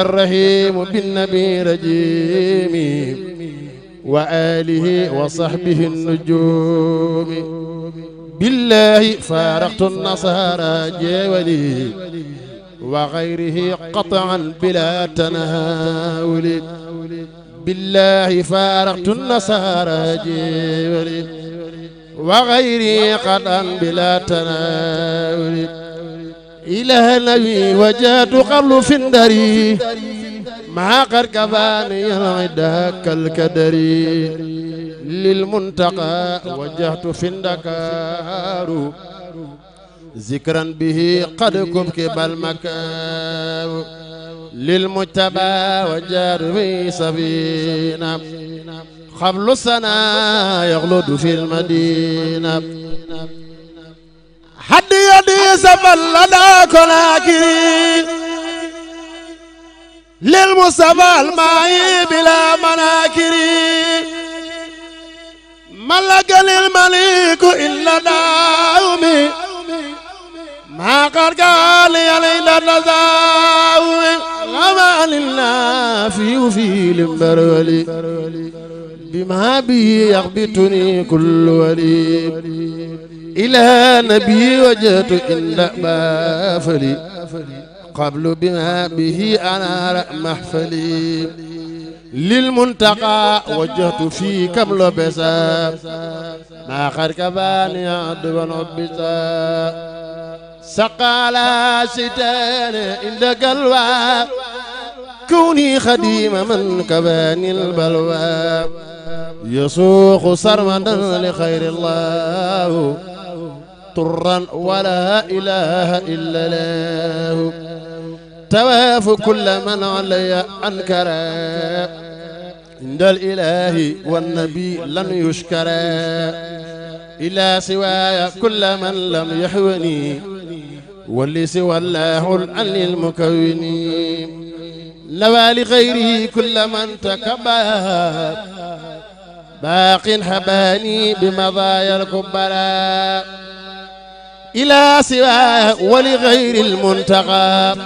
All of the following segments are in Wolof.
الرحيم بالنبي رجيم وآله وصحبه النجوم بالله فارقت النصارى جولي وغيره قطعا بلا تناول بالله فارقت النصارى جولي وغيره قطعا بلا تناول إله نبي وجات قبل فندري ما قد كفاني العدا كالكدري للمنتقى وجهت فندكار ذكرا به قد كبكب المكار للمجتبى وجار في سبينا قبل سنة يغلد في المدينة للمصطفى لدى كناكري للمصطفى الماء بلا مناكري ملك للمليك إلا داومي ما قد قال يا ليلى الرزاوي غما لله في في المرولي بما به يغبطني كل ولي إلى نبي وجهت إن بافلي قبل بما به أنا محفلي للمنتقى وجهت في كمل بسا ما خرك باني عبد بن عبسا سقالا ستان عند قلبا كوني خديم من كباني البلوى يسوق سرمدا لخير الله ترا ولا إله إلا له تواف كل من علي أنكرا عند الإله والنبي لن يشكرا إلى سواي كل من لم يحوني واللي سوى الله العلي المكون لوى لغيره كل من تكبر باق حباني بمضايا الكبراء إلى سواه ولغير المنتقى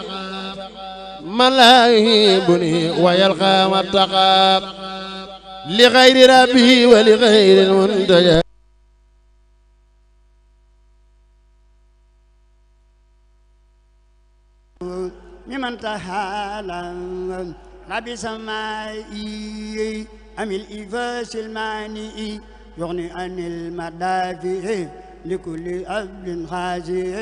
من لا يهيبني ويلقى مرتقى لغير ربه ولغير المنتجى ممن تحالم ربي سمائي أم الإفاس المانئي يغني عن المدافع لكل عبد حاجي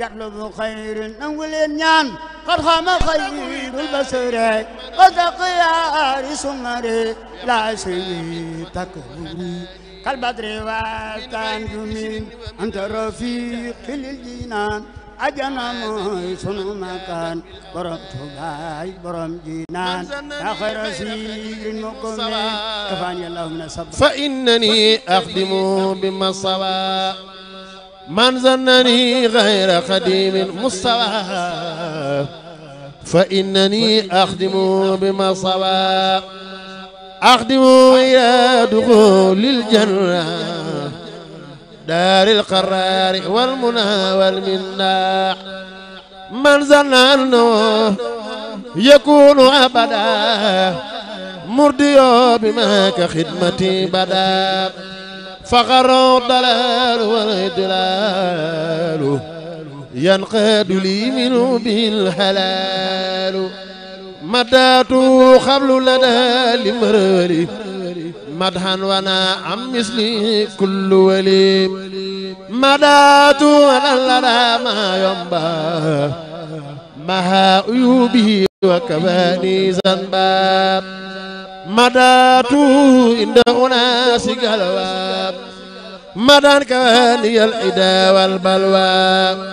يطلب خير أول نعم قد خام خير البشر قد خيار سمر لا شيء تكبري كالبدر وتنجمين أنت رفيق للجنان ajana mooy sunu makaan borom tubaay borom jinaan yaa xayra siirin muqimi kafaani allahu min asab fa innani axdimu bima sawa man zannani xayra xadimin mustawa fa innani axdimu bima sawa axdimu ila duxulil janna دار القرار والمنى والمنى من زنانه يكون أبدا مرديو بماك خدمتي بدا فقر الضلال والإدلال ينقاد لي منه بالحلال مدات خبل لنا لمرلي مدحا وانا عن مثلي كل ولي مدات ولا ما ينبى مها عيوبه وكفاني ذنبا مدات عند اناس قلبا مدان كفاني العدا والبلوى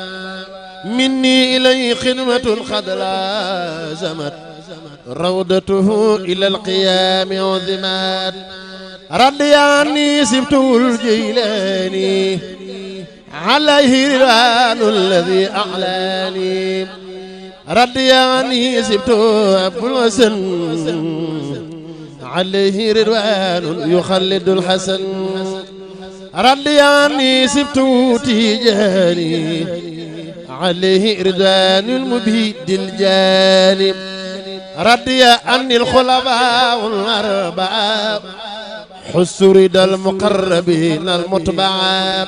مني اليه خدمه خذلا زمت روضته إلى القيام عظمات ردياني سبت الجيلاني عليه رضوان الذي أعلاني ردياني سبت أبو الحسن عليه رضوان يخلد الحسن ردياني سبت تيجاني عليه رضوان المبيد الجانب ردي أني الخلفاء الأربعة حسرد المقربين المتبعات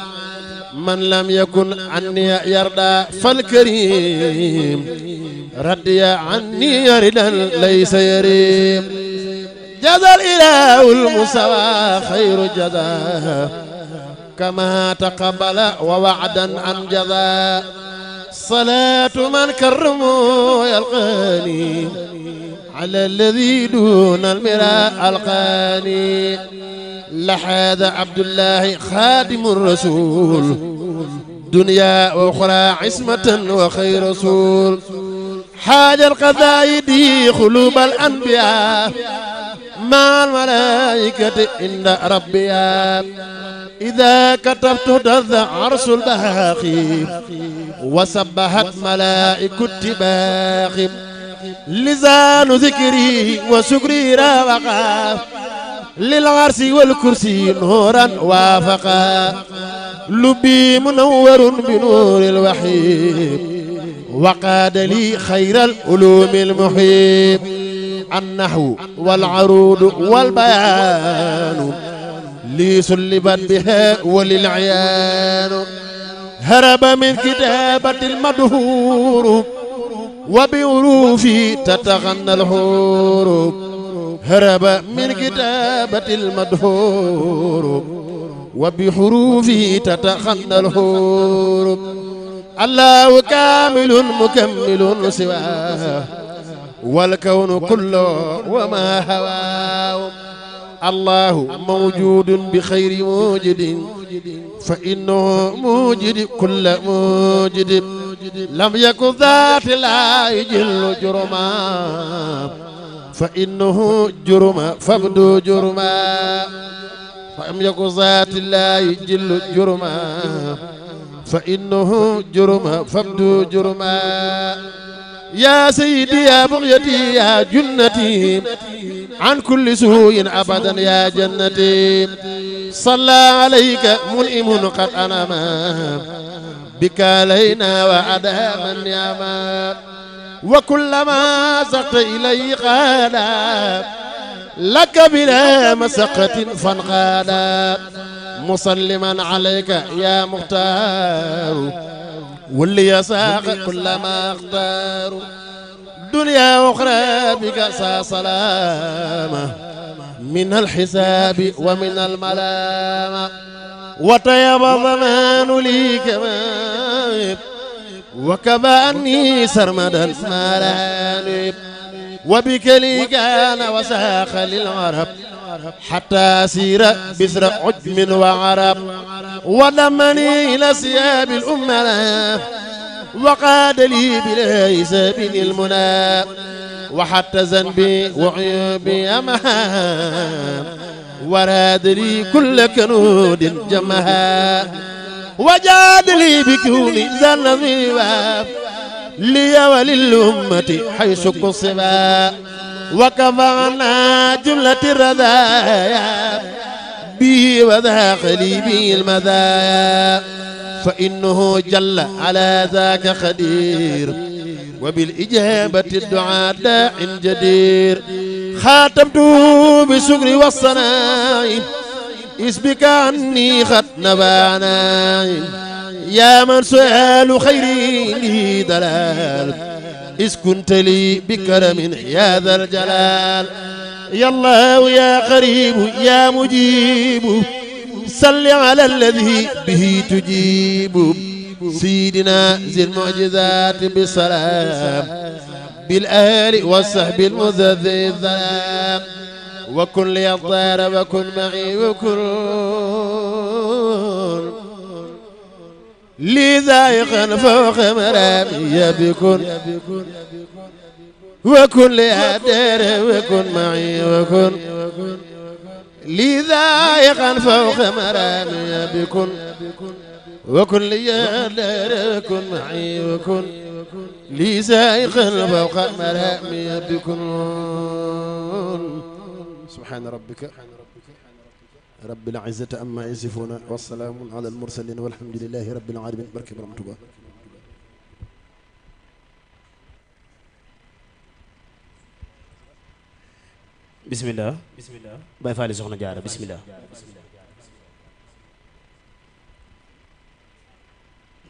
من لم يكن عني يرضى فالكريم ردي عني ردا ليس يريم جزى الإله المسوى خير جزاه كما تقبل ووعدا أنجزا صلاة من كرمه يلقاني على الذي دون المراء القاني لحاذ عبد الله خادم الرسول دنيا أخرى عصمة وخير رسول حاج القذايد قلوب الأنبياء مع الملائكة عند ربيا إذا كتبت دذ عرش البهاخي وسبحت ملائكة باخب lisaanu zikri wa sukri rawaqa lil arsi wal kursi nuuran waafaqa lubbi munawwarun bi nuuril wahiib waqaada lii xayral uluumil muhiib annahwu wal aruudu wal bayaanu lii sullibat bihaa walil iyaanu haraba min kitaabatil madhuur وبحروف تتغنى الحروف هرب من كتابة المدهور وبحروف تتغنى الحروف الله كامل مكمل سواه والكون كله وما هواه الله موجود بخير موجد فإنه موجد كل موجد لم يكن ذات لا يجل جرما فإنه جرما فابدو جرما فلم يكن ذات لا يجل جرما فإنه جرما فابدو جرما يا سيدي يا بغيتي يا جنتي عن كل سوء أبدا يا جنتي صلى عليك منئم قد أنما بك علينا وعدا من يعمى وكلما سقت إليه قالا لك بلا مسقة فانقالا مسلما عليك يا مختار واللي ساق كلما اختار دنيا أخرى بك سلامة من الحساب ومن الملامة وطيب الضمان لي كمان وكبأني سرمدا مالان وبك لي كان وساخ للعرب حتى سير بسر عجم وعرب ولمني إلى سياب الأمة وقاد لي بليس بن المنى وحتى ذنبي وعيوبي أمام وراذلي كل كنود جمها وجادلي بكوني ذا نظيبا لي وللأمة حيث قصبا وكفانا جملة الرذايا بي وذا خليبي المذايا fa innahu jalla ala zaaka xadir wa bil ijaabati duaa daain jadir xaatamtu bi sukri wassanaai isbika anni xat nabaanaai yaa man suaalu xayri dalaal is kunta li bi karamin yaa dal jalaal yallaahu yaa qariibu yaa mujiibu صل على الذي به تجيب سيدنا ذي المعجزات بسلام بالآل والصحب المذذ الظلام وكن لي الطير وكن معي وكن لي ذائقا فوق مرامي بكن وكن لي الطير وكن معي وكن lii zaayiqan fawqa maraami bikun wakun li yadara kun ma'i wakun lii zaayiqan fawqa maraami bikun subhaana rabbika rabbil izzati amma yasifuun wa salaamun alal mursaliin walhamdu lillaahi rabbil aalamiin barke borom Tuubaa bisimilah bisimilah Baye Faali soxna jaara bisimilah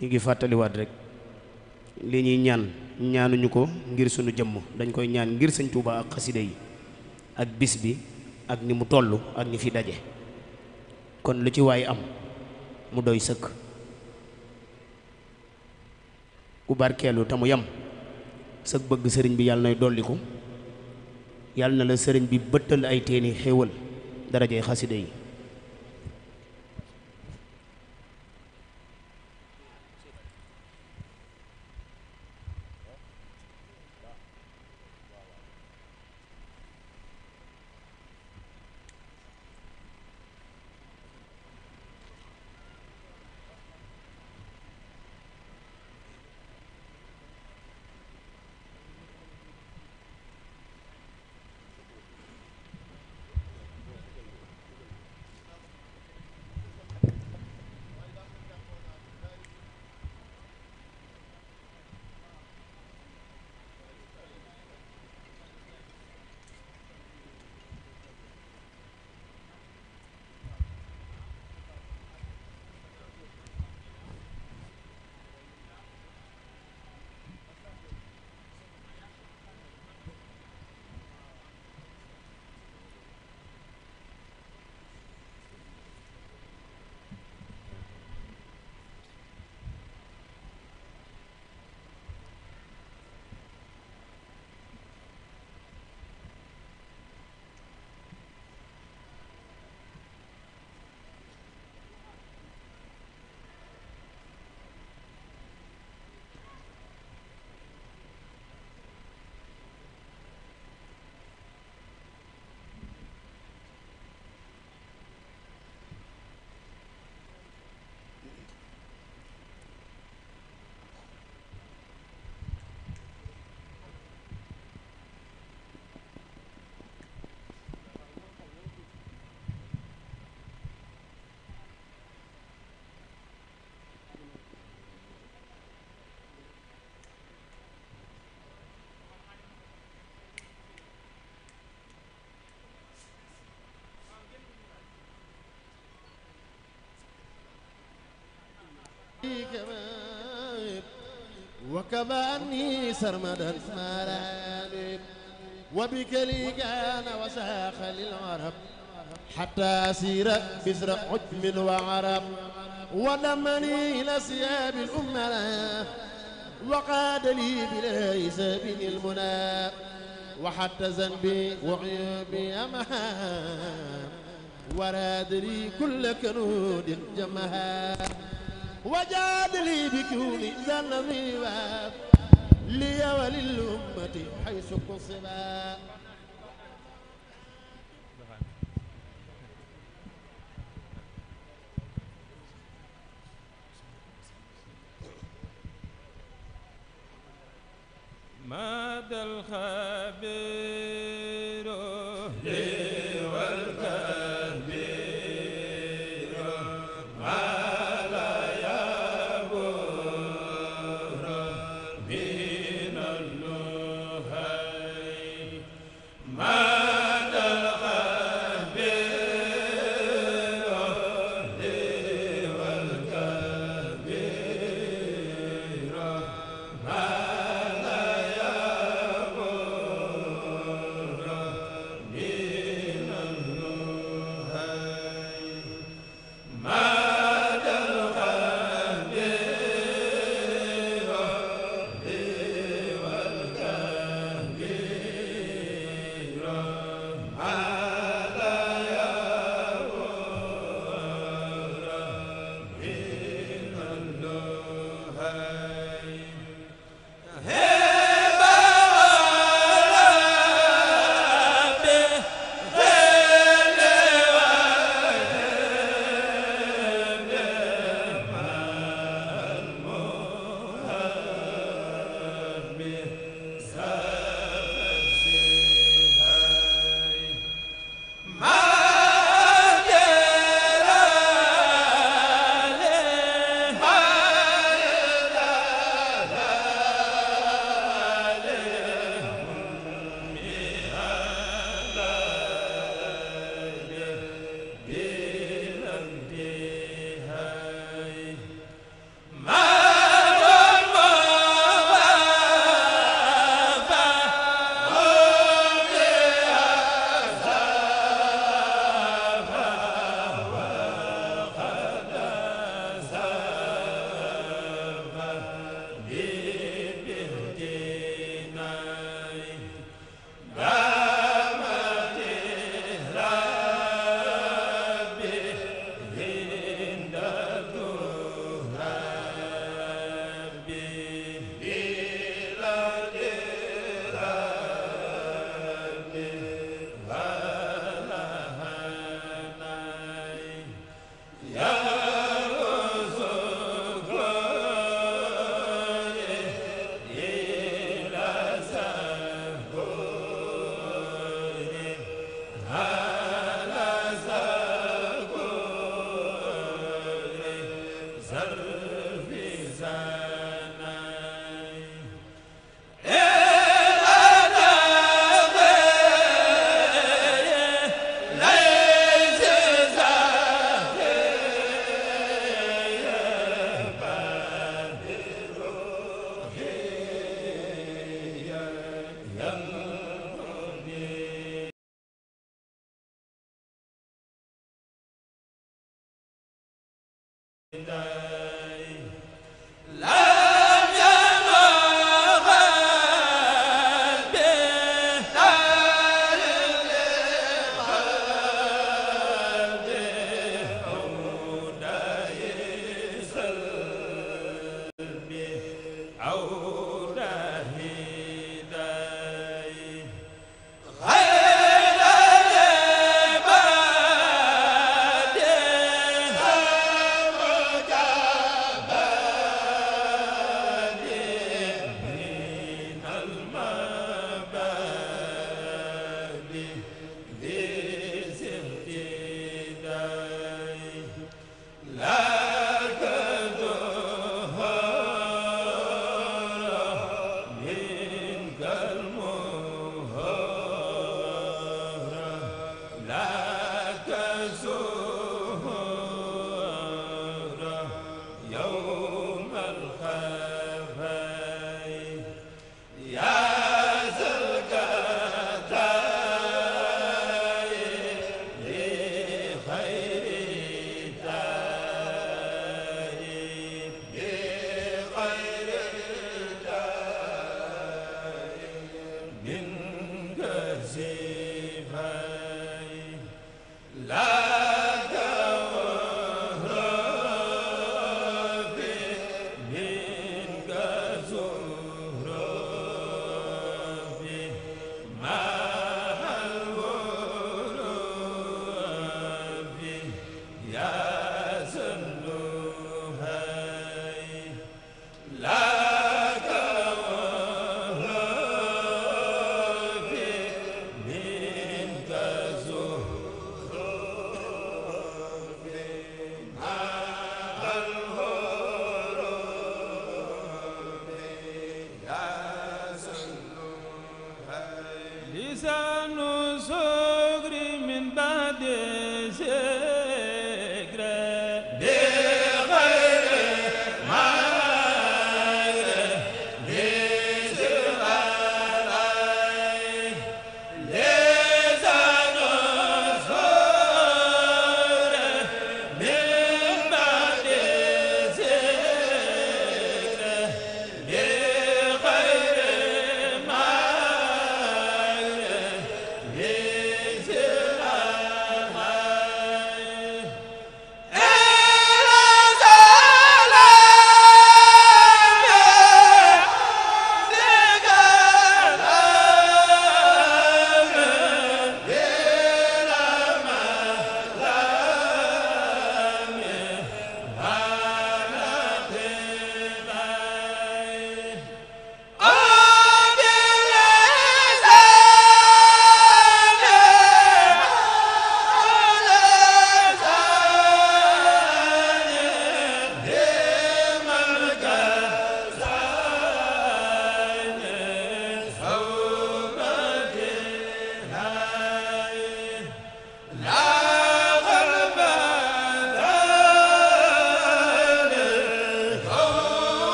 ñu ngi fàttaliwaat rek li ñuy ñaan ñaanuñu ko ngir sunu jëmm dañ koy ñaan ngir sëñ Tuuba ak xasida yi ak bis bi ak ni mu toll ak ni fi daje kon lu ci waay am mu doy sëkk ku barkeelu te mu yam sëg bëgg sëriñ bi yàlla nay dolliku yàlla na la sëriñ bi bëttal ay teeni xéewal darajey xasida yi كباني سرمدا مراني وبك لي كان وساخ للعرب حتى سير بزر عجم وعرب ودمني إلى سياب الأمراء وقاد لي بلا سبيل المنى وحتى ذنبي وعيوبي أمهام ورادري كل كنود جمها وجاد لي بكوني ذنبي لي وللأمة حيث قصبا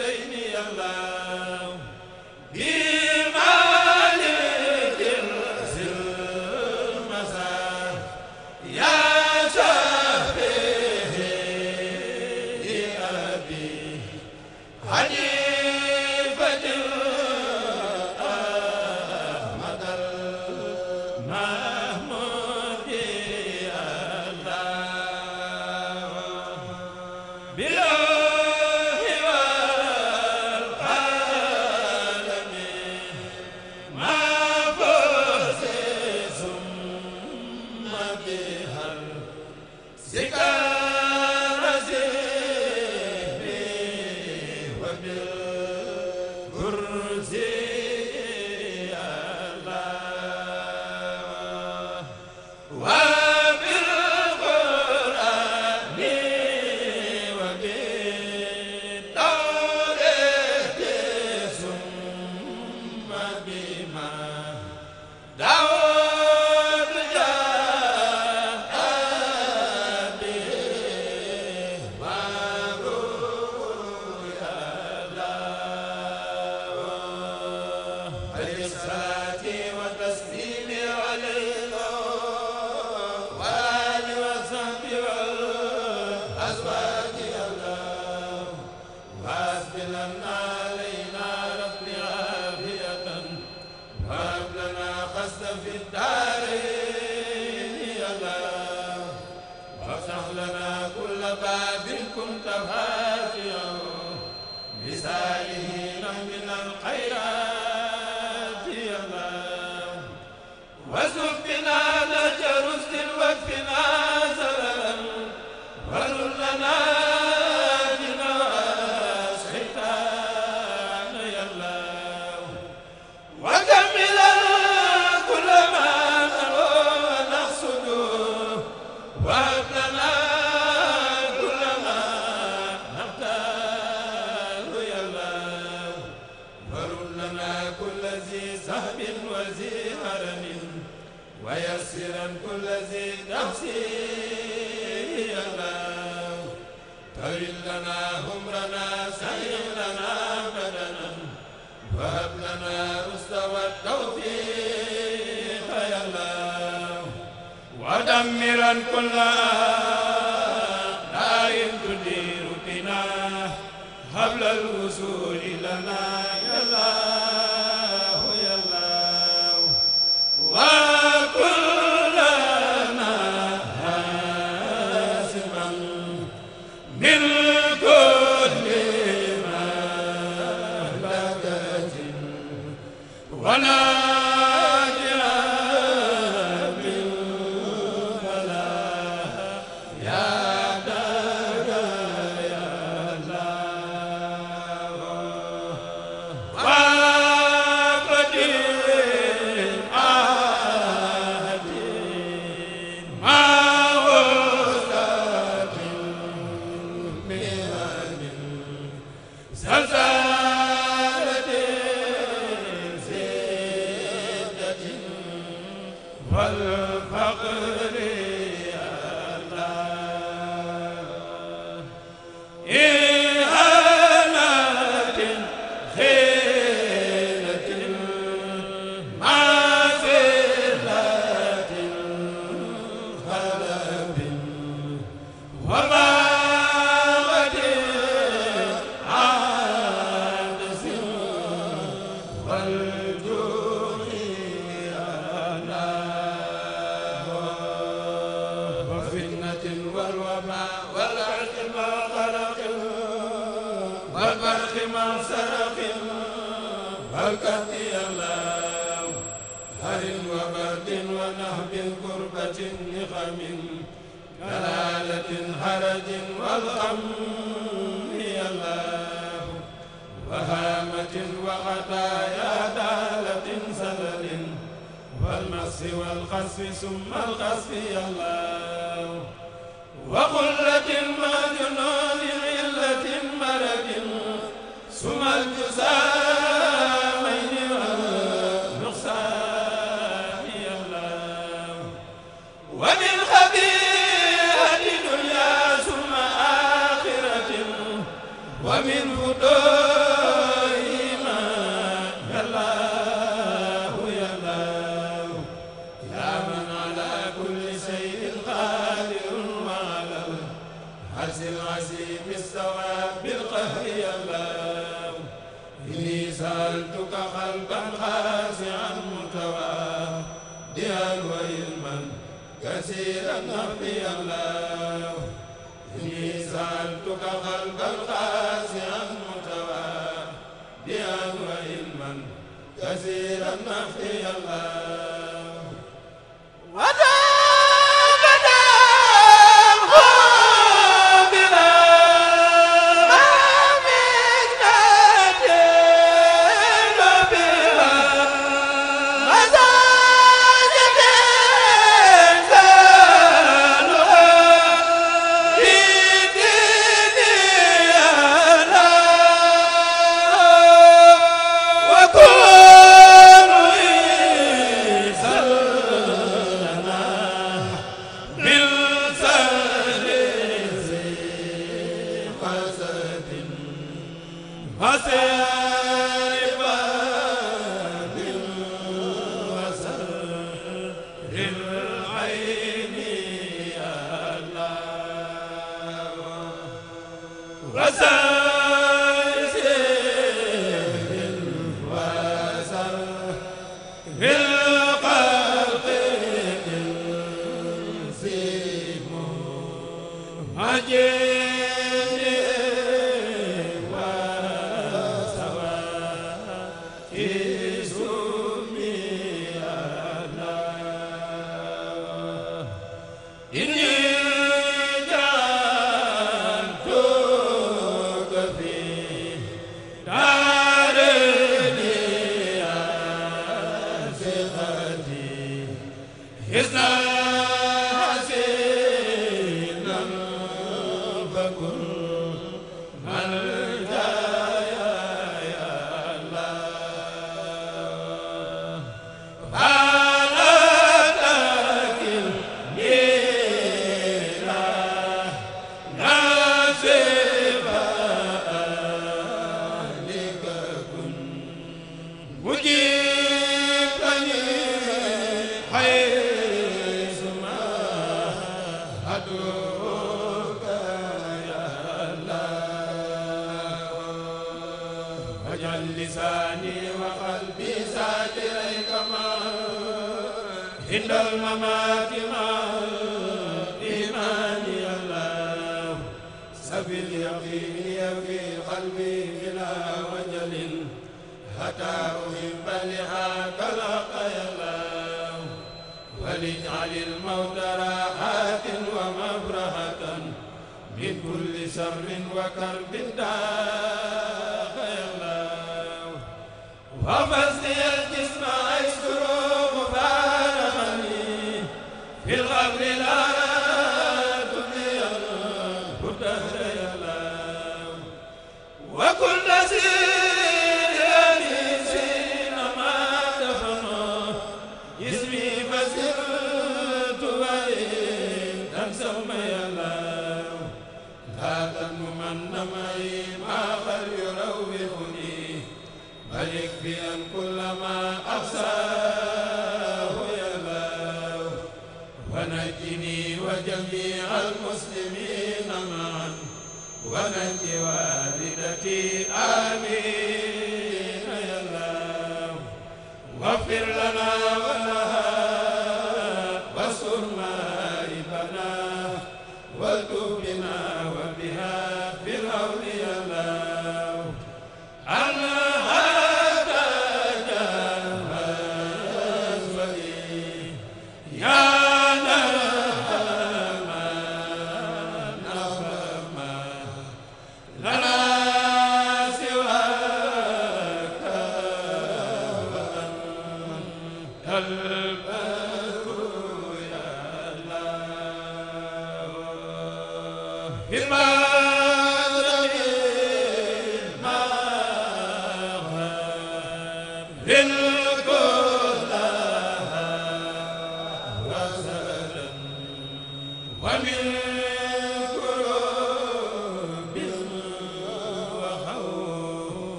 tey ni yàlla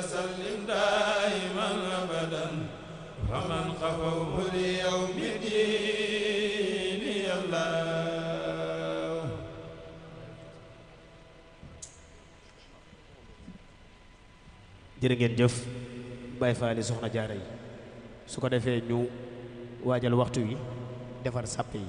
وسلم دائما أبدا فمن قفوه soxna jaara yi su ko defee ñu waajal waxtu wi defar sàpp yi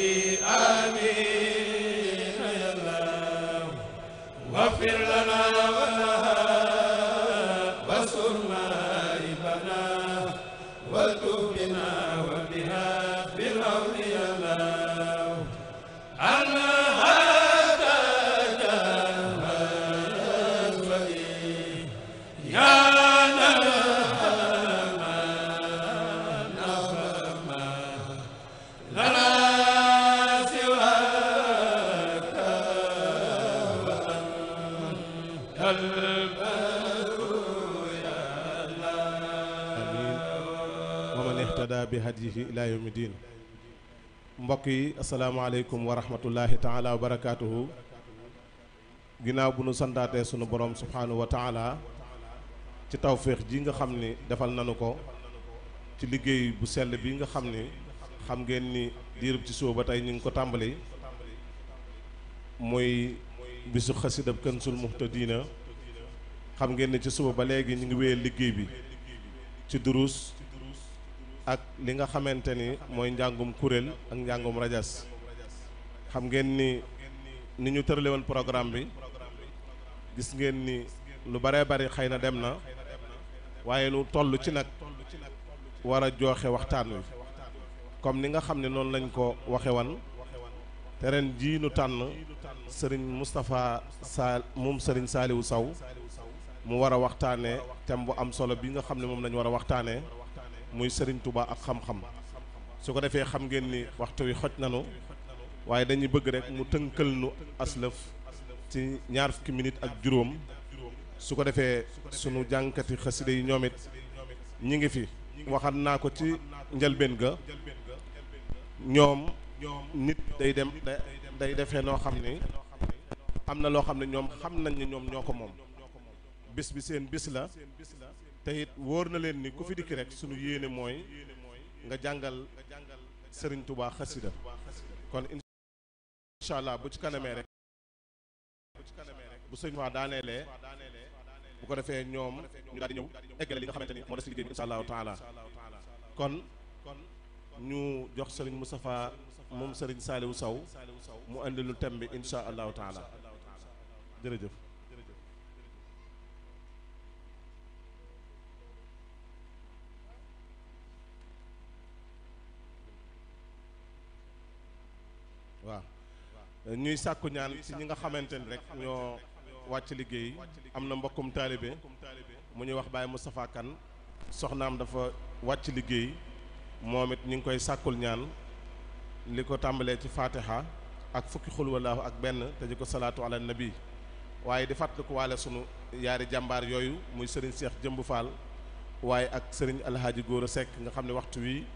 amiin hadihi ila yawmi diin mbokk yi asalaamaaleykum wa rahmatullahi taala wa barakaatuhu ginnaaw bu nu santaatee sunu borom subhaanahu wa taala ci tawféex ji nga xam ni defal nanu ko ci liggéey bu sell bi nga xam ni xam ngeen ni diirub ci suba ba tey ñu ngi ko tàmbali muy bisu xasidab Kanzul Muhtadina xam ngeen ni ci suba ba léegi ñu ngi wéyal liggéey bi ci durus ak li nga xamante ni mooy njàngum kuréel ak njàngum rajas xam ngeen ni ni ñu tërale woon programme bi gis ngeen ni lu baree bari xëy na dem na waaye lu toll ci nag war a jooxe waxtaan wi comme ni nga xam ne noonu lañ ko waxe wan te ren jii nu tànn sëriñ Moustapha Sall moom sëriñ Saliou Sow mu war a waxtaanee thème bu am solo bi nga xam ne moom lañu war a waxtaanee muy Serigne Touba ak xam-xam su ko defee xam ngeen ni waxtu wi xoj nanu waaye dañuy bëgg rek mu tënkal nu aslëf ci ñaar fukki minute ak juróom su ko defee sunu jànkati xaside yi ñoom it ñi ngi fi waxaat naa ko ci njëlbeen ga ñoom nit day dem day defee noo xam ni am na loo xam ne ñoom xam nañ ne ñoom ñoo ko moom bis bi seen bis la te it wóor na leen ni ku fi dikki rek sunu yéene mooy nga jàngal Serigne Touba xasida kon incha allah bu ci kanamee rek bu sëñ Fa daaneelee bu ko defee ñoom ñu daal di ñëw eggale li nga xamante ni moo des liggéey bi incha allahu taala kon kon ñu jox Serigne Moustapha moom Serigne Saliou Sow mu andi lu thème bi incha allahu taala jërëjëf. waaw ñuy sàkku ñaan ci ñi nga xamante ni rek ñoo wàcc liggéey am na mbokkum taalibe mu ñuy wax Baye Moustapha Kane soxnaam dafa wàcc liggéey moom it ñu ngi koy sàkkul ñaan li ko tàmbalee ci fatiha ak fukki xul walaahu ak benn te di ko salaatu ala nabi waaye di ko waale sunu yaari jàmbaar yooyu muy Serigne Cheikh Jëmb Fall waaye ak sëriñ Serigne Alhaji a Seck nga xam ne waxtu wi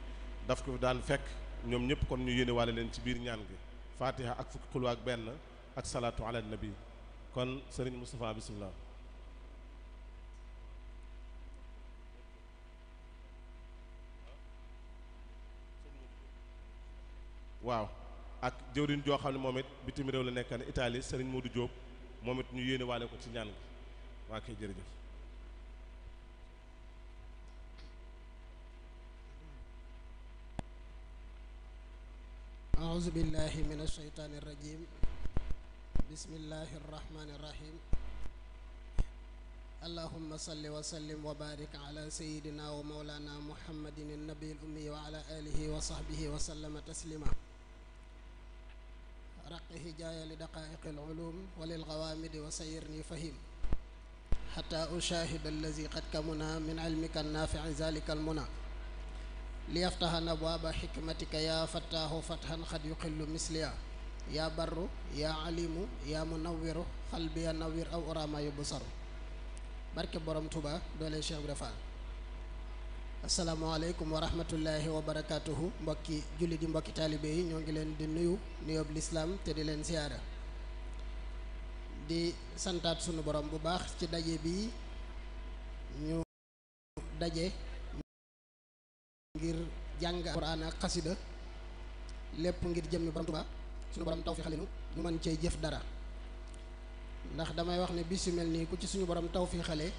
daf ko daan fekk ñoom ñëpp kon ñu yéene waale leen ci biir ñaan gi. fatiha ak fukki xulwa ak benn ak salaatu ala nabi kon sëriñ Moustapha bisimilah. waaw ak jëwriñ joo xam ne moom it bitim réew la nekka ne Italie sëriñ Modou Diop moom it ñu yéene waale ko ci ñaan gi waa kay jërëjëf. أعوذ بالله من الشيطان الرجيم بسم الله الرحمن الرحيم اللهم صل وسلم وبارك على سيدنا ومولانا محمد النبي الأمي وعلى آله وصحبه وسلم تسليما رقه جاي لدقائق العلوم وللغوامد وسيرني فهم حتى أشاهد الذي قد كمنا من علمك النافع ذلك المنى liyaftahan abwaaba xikmatika yaa fattaahu fathan xad yuqillu misliya yaa barru yaa alimu yaa munawiru xalbiya nawir aw orama yu busaru barke borom tuba doole Cheikh Ibra Fall asalaamaaleykum wa rahmatullahi wa barakaatuhu mbokki julli di mbokki taalibe yi ñoo ngi leen di nuyu nuyoob lislaam te di leen siyaara di santaat sunu borom bu baax ci daje bi ñu daje ngir jàng alquran ak xasida lépp ngir jëmmi borom Tuubaa suñu borom taw fi xalinu ñu mën cee jëf dara ndax damay wax ne bisi mel nii ku ci suñu borom taw fi xale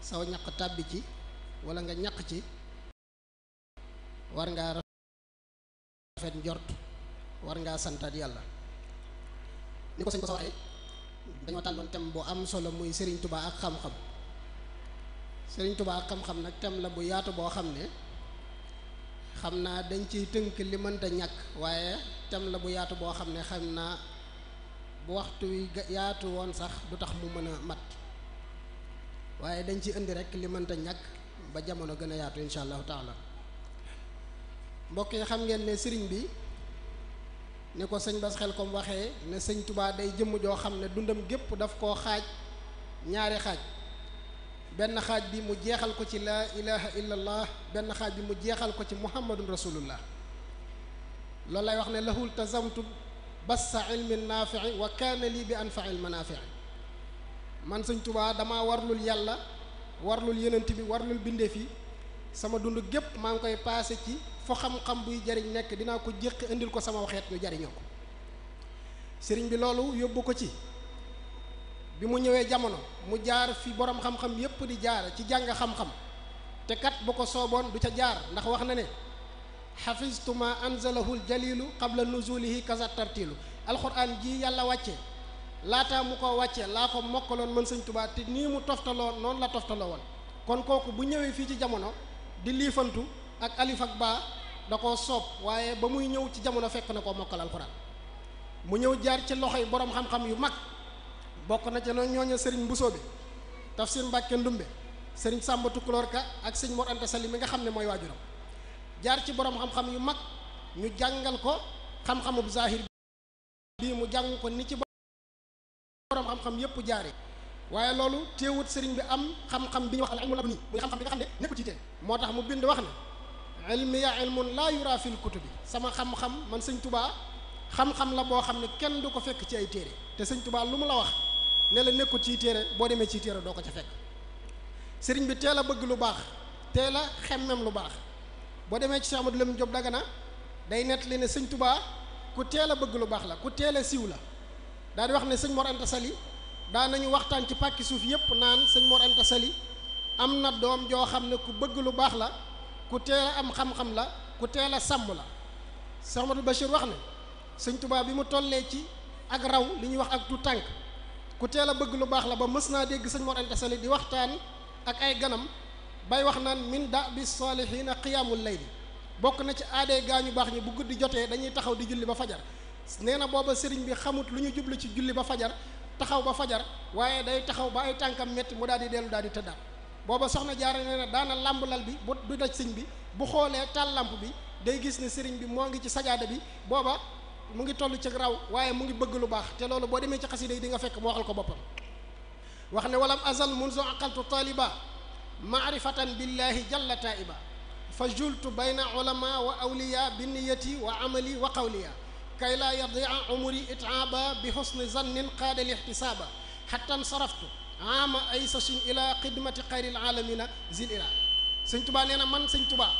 saw ñaq tàbbi ci wala nga ñaq ci war ngaa rafet njort war ngaa santaat yàlla ni ko sëñ ko sa waxee dañoo tànnoon thème bu am solo muy sëriñ Touba ak xam-xam Serigne Touba ak xam-xam nag thème la bu yaatu boo xam ne xam naa dañ ci tënk li mënta ñàkk waaye tem la bu yaatu boo xam ne xam naa bu waxtu wi yaatu woon sax du tax mu mën a mat waaye dañ ci indi rek li mënta ñàkk ba jamono gën a yaatu incha allahu taala mbokk yi xam ngeen ne sëriñ bi ni ko sëñ Bass Khelcom waxee ne sëñ Touba day jëmm joo xam ne dundam gépp daf koo xaaj ñaari xaaj benn xaaj bi mu jeexal ko ci laa ilaha illallah benn xaaj bi mu jeexal ko ci muhammadun rasulullah loolu lay wax ne lahul tazamtu ba ilmin naafici wa kaana lii bi anfail manaafici man Sëñ Tuubaa dama warlul yàlla warlul yeneent bi warlul bindeef yi sama dund gépp maa ngi koy paase ci foo xam-xam buy jariñ nekk dinaa ko jéqi indil ko sama waxeet ñu jariñoo ko sëriñ bi loolu yóbbu ko ci bi mu ñëwee jamono mu jaar fi borom xam-xam yépp di jaar ci jàng xam-xam te kat bu ko sooboon du ca jaar ndax wax na ne xafiztu ma xam la qabla nuzulihi kaza tartilu alquran ji yàlla wàcce laataa mu ko wàcce laa ko mokkaloon mën sëñ tubaa te nii mu toftaloo noonu la toftaloo woon kon kooku bu ñëwee fii ci jamono di liifantu ak alif ak baa da ko soob waaye ba muy ñëw ci jamono fekk na ko mokkal alquran mu ñëw jaar ci loxoy borom xam yu mag bokk na ca noonu ñooñu sëriñ Mbuso bi tafsir Mbàkke Ndumbe sëriñ Sàmba Tukulóor Ka ak sëñ Mor Anta Sali mi nga xam ne mooy waajuram jaar ci borom xam-xam yu mag ñu jàngal ko xam-xamub zahir bii mu jàng ko ni ci borom xam-xam yépp jaare waaye loolu teewut sëriñ bi am xam-xam bi ñu wax al ilmul abni muy xam-xam bi nga xam ne nekku ci te moo tax mu bind wax ne ilmi ya ilmun laa yura fil kutubi sama xam-xam man sëñ tubaa xam-xam la boo xam ne kenn du ko fekk ci ay téere te sëñ tubaa lu mu la wax ne la nekkul ciy téere boo demee ciy téere doo ko ca fekk sëriñ bi teel a bëgg lu baax teel a xemmem lu baax boo demee ci Cheikh Amadou Lamine daga na day nettali ne sëñ Touba ku teel a bëgg lu baax la ku teel a siiw la daal di wax ne sëñ Mor Anta Sali daan nañu waxtaan ci pàkki suuf yépp naan sëñ Mor Anta am na doom joo xam ne ku bëgg lu baax la ku teela am xam-xam la ku teel a sàmm la Cheikh Amadou Bachir wax ne sëñ Touba bi mu tollee ci ak raw li ñuy wax ak tu ku teel a bëgg lu baax la ba mës naa dégg sëñ Mor Anta Sali di waxtaan ak ay ganam bay wax naan min da bi saalihiina qiyaamul bi bokk na ci aadee gaa ñu baax ñi bu guddi jotee dañuy taxaw di julli ba fajar nee na booba sëriñ bi xamut lu ñu jublu ci julli ba fajar taxaw ba fajar waaye day taxaw ba ay tànkam métti mu daal di dellu daal di tëddaat booba soxna jaara nee na daana làmb lal bi bu du daj sëñ bi bu xoolee tàllamp bi day gis ne sëriñ bi moo ngi ci sajaada bi booba mu ngi toll ci raw waaye mu ngi bëgg lu baax te loolu boo demee ci xasida yi di nga fekk mu waxal ko boppam wax ne walam azal munzu aqaltu taliba maarifatan billahi jalla taiba fa jultu bayna ulama wa awliya bi wa amali wa qawliya kay laa yadia umuri itaaba bi husni zannin qaada lihtisaaba xattan saraftu ama ay sachin ila xidmati xayril alamina zil ila sëñ tubaa nee na man sëñ tubaa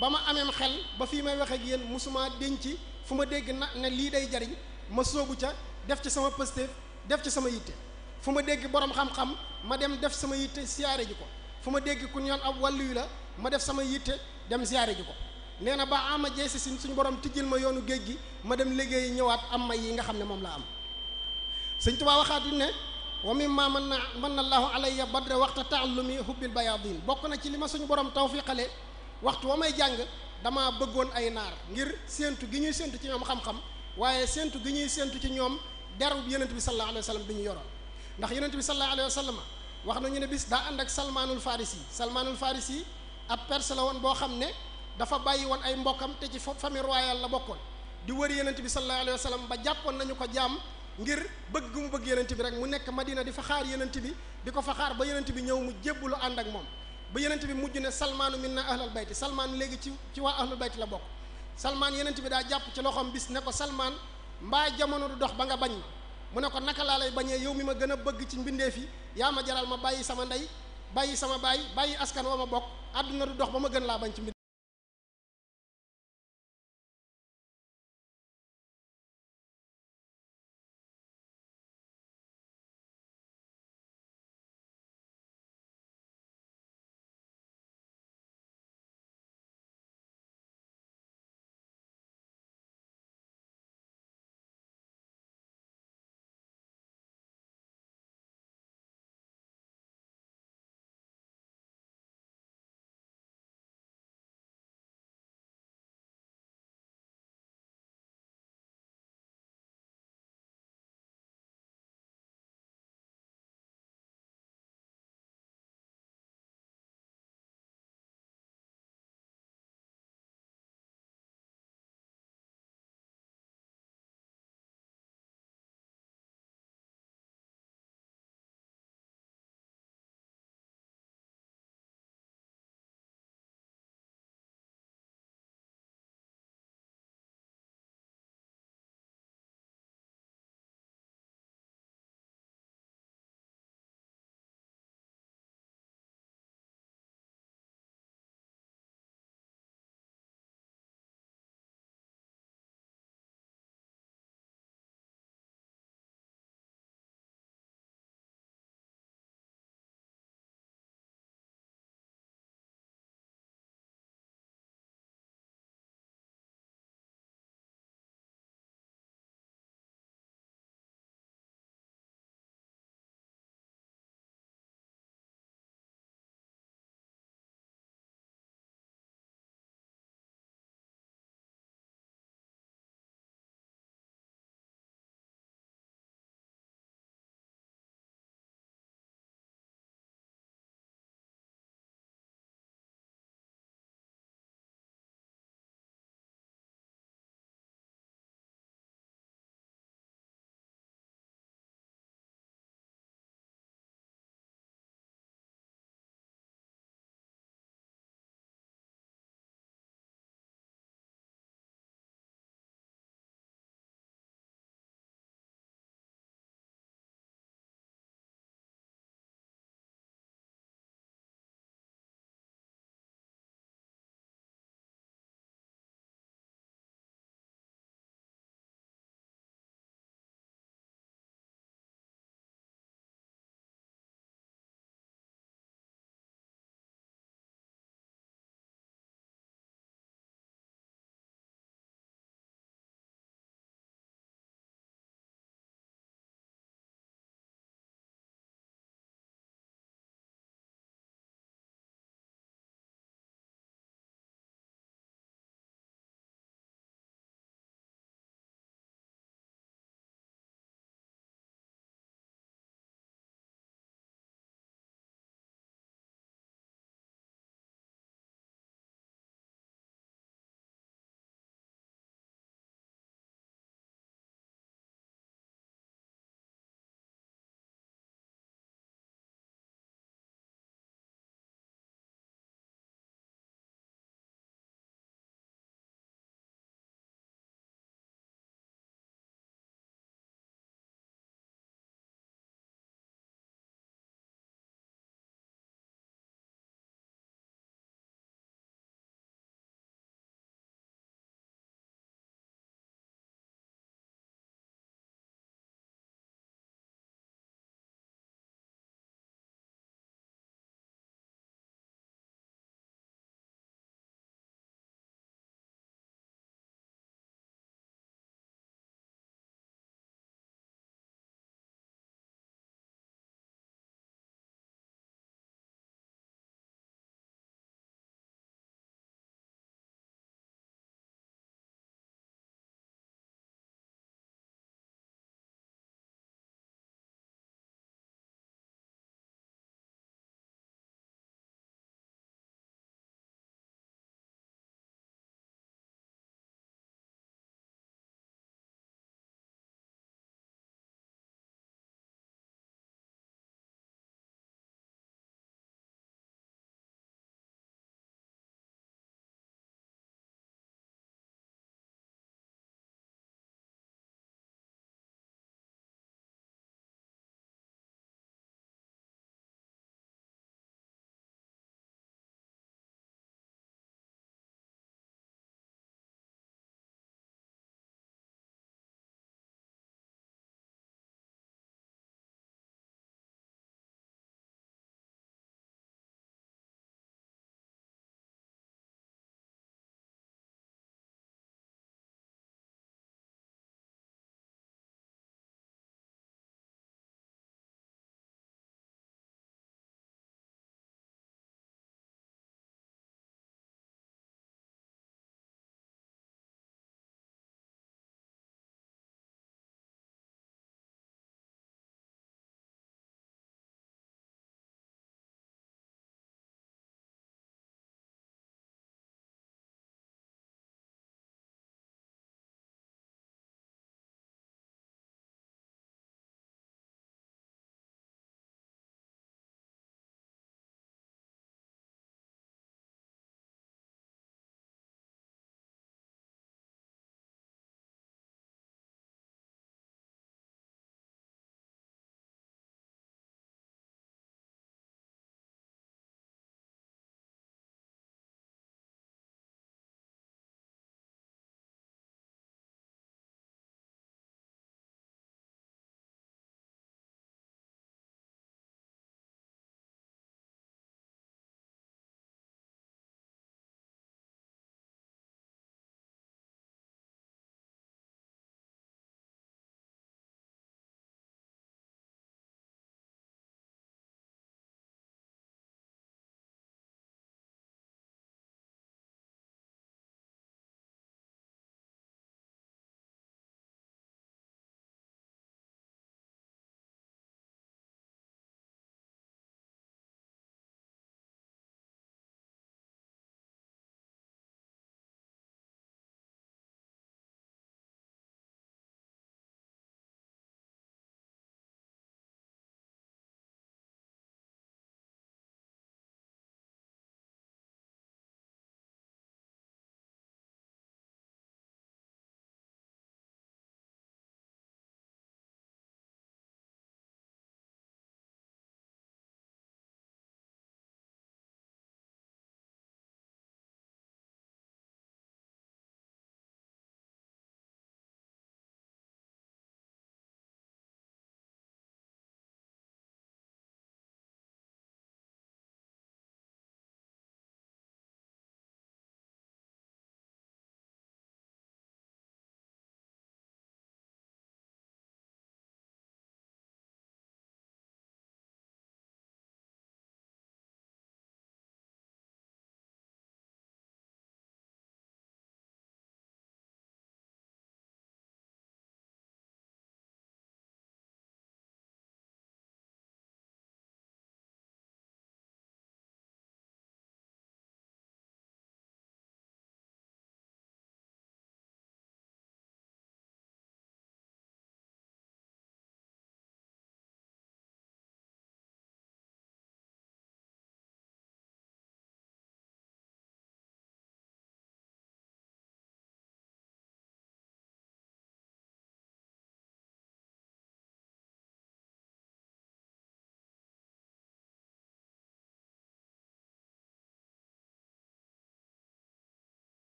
ba ma ameem xel ba fi may wax ak yéen mosumaa denc fu ma dégg na ne lii day jariñ ma sóobu ca def ca sama pëstéef def ci sama yitte fu ma dégg boroom xam-xam ma dem def sama yitte siyaare ji ko fu ma dégg ku ñoon ab wàllu yu la ma def sama yitte dem siyaare ji ko nee na ba ama jeey si suñu borom tijjil ma yoonu géej gi ma dem liggéey ñëwaat am ma yi nga xam ne moom laa am sëñ Tuubaa waxaat yi ne wa mimma mën na mën na laahu alayya badra waxta taallumi hubbil bayadin bokk na ci li ma suñu borom tawfiqale waxtu wa may jàng damaa bëggoon ay naar ngir séentu gi ñuy séentu ci ñoom xam-xam waaye séentu gi ñuy séentu ci ñoom derub yonent bi sallallahu alayhi wa sallam bi ñu yoroon ndax yonent bi sallallahu alayhi wa sallam wax nañu ne bis daa ànd ak salmaanul faris yi salmaanul faris yi ab perse la woon boo xam ne dafa bàyyi woon ay mbokkam te ci famille royale la bokkoon di wër yénent bi sallallahu alayhi wa ba jàppoon nañu ko jàmm ngir bëgg gu mu bëgg yonent bi rek mu nekk Madina di fa xaar yonent bi di fa xaar ba yonent bi ñëw mu jébbalu ànd ak moom ba yenent bi mujj ne salmaanu minna ahlal bayti salmaan léegi ci ci waa ahlal bayti la bokk salmaan yenent bi daa jàpp ci loxoom bis ne ko salmaan mbaa jamono du dox ba nga bañ mu ne ko naka laa lay bañee yow mi ma gën a bëgg ci mbindeef yi yaa ma jaral ma bàyyi sama ndey bàyyi sama baay bàyyi askan wa ma bokk àdduna du dox ba ma gën laa bañ ci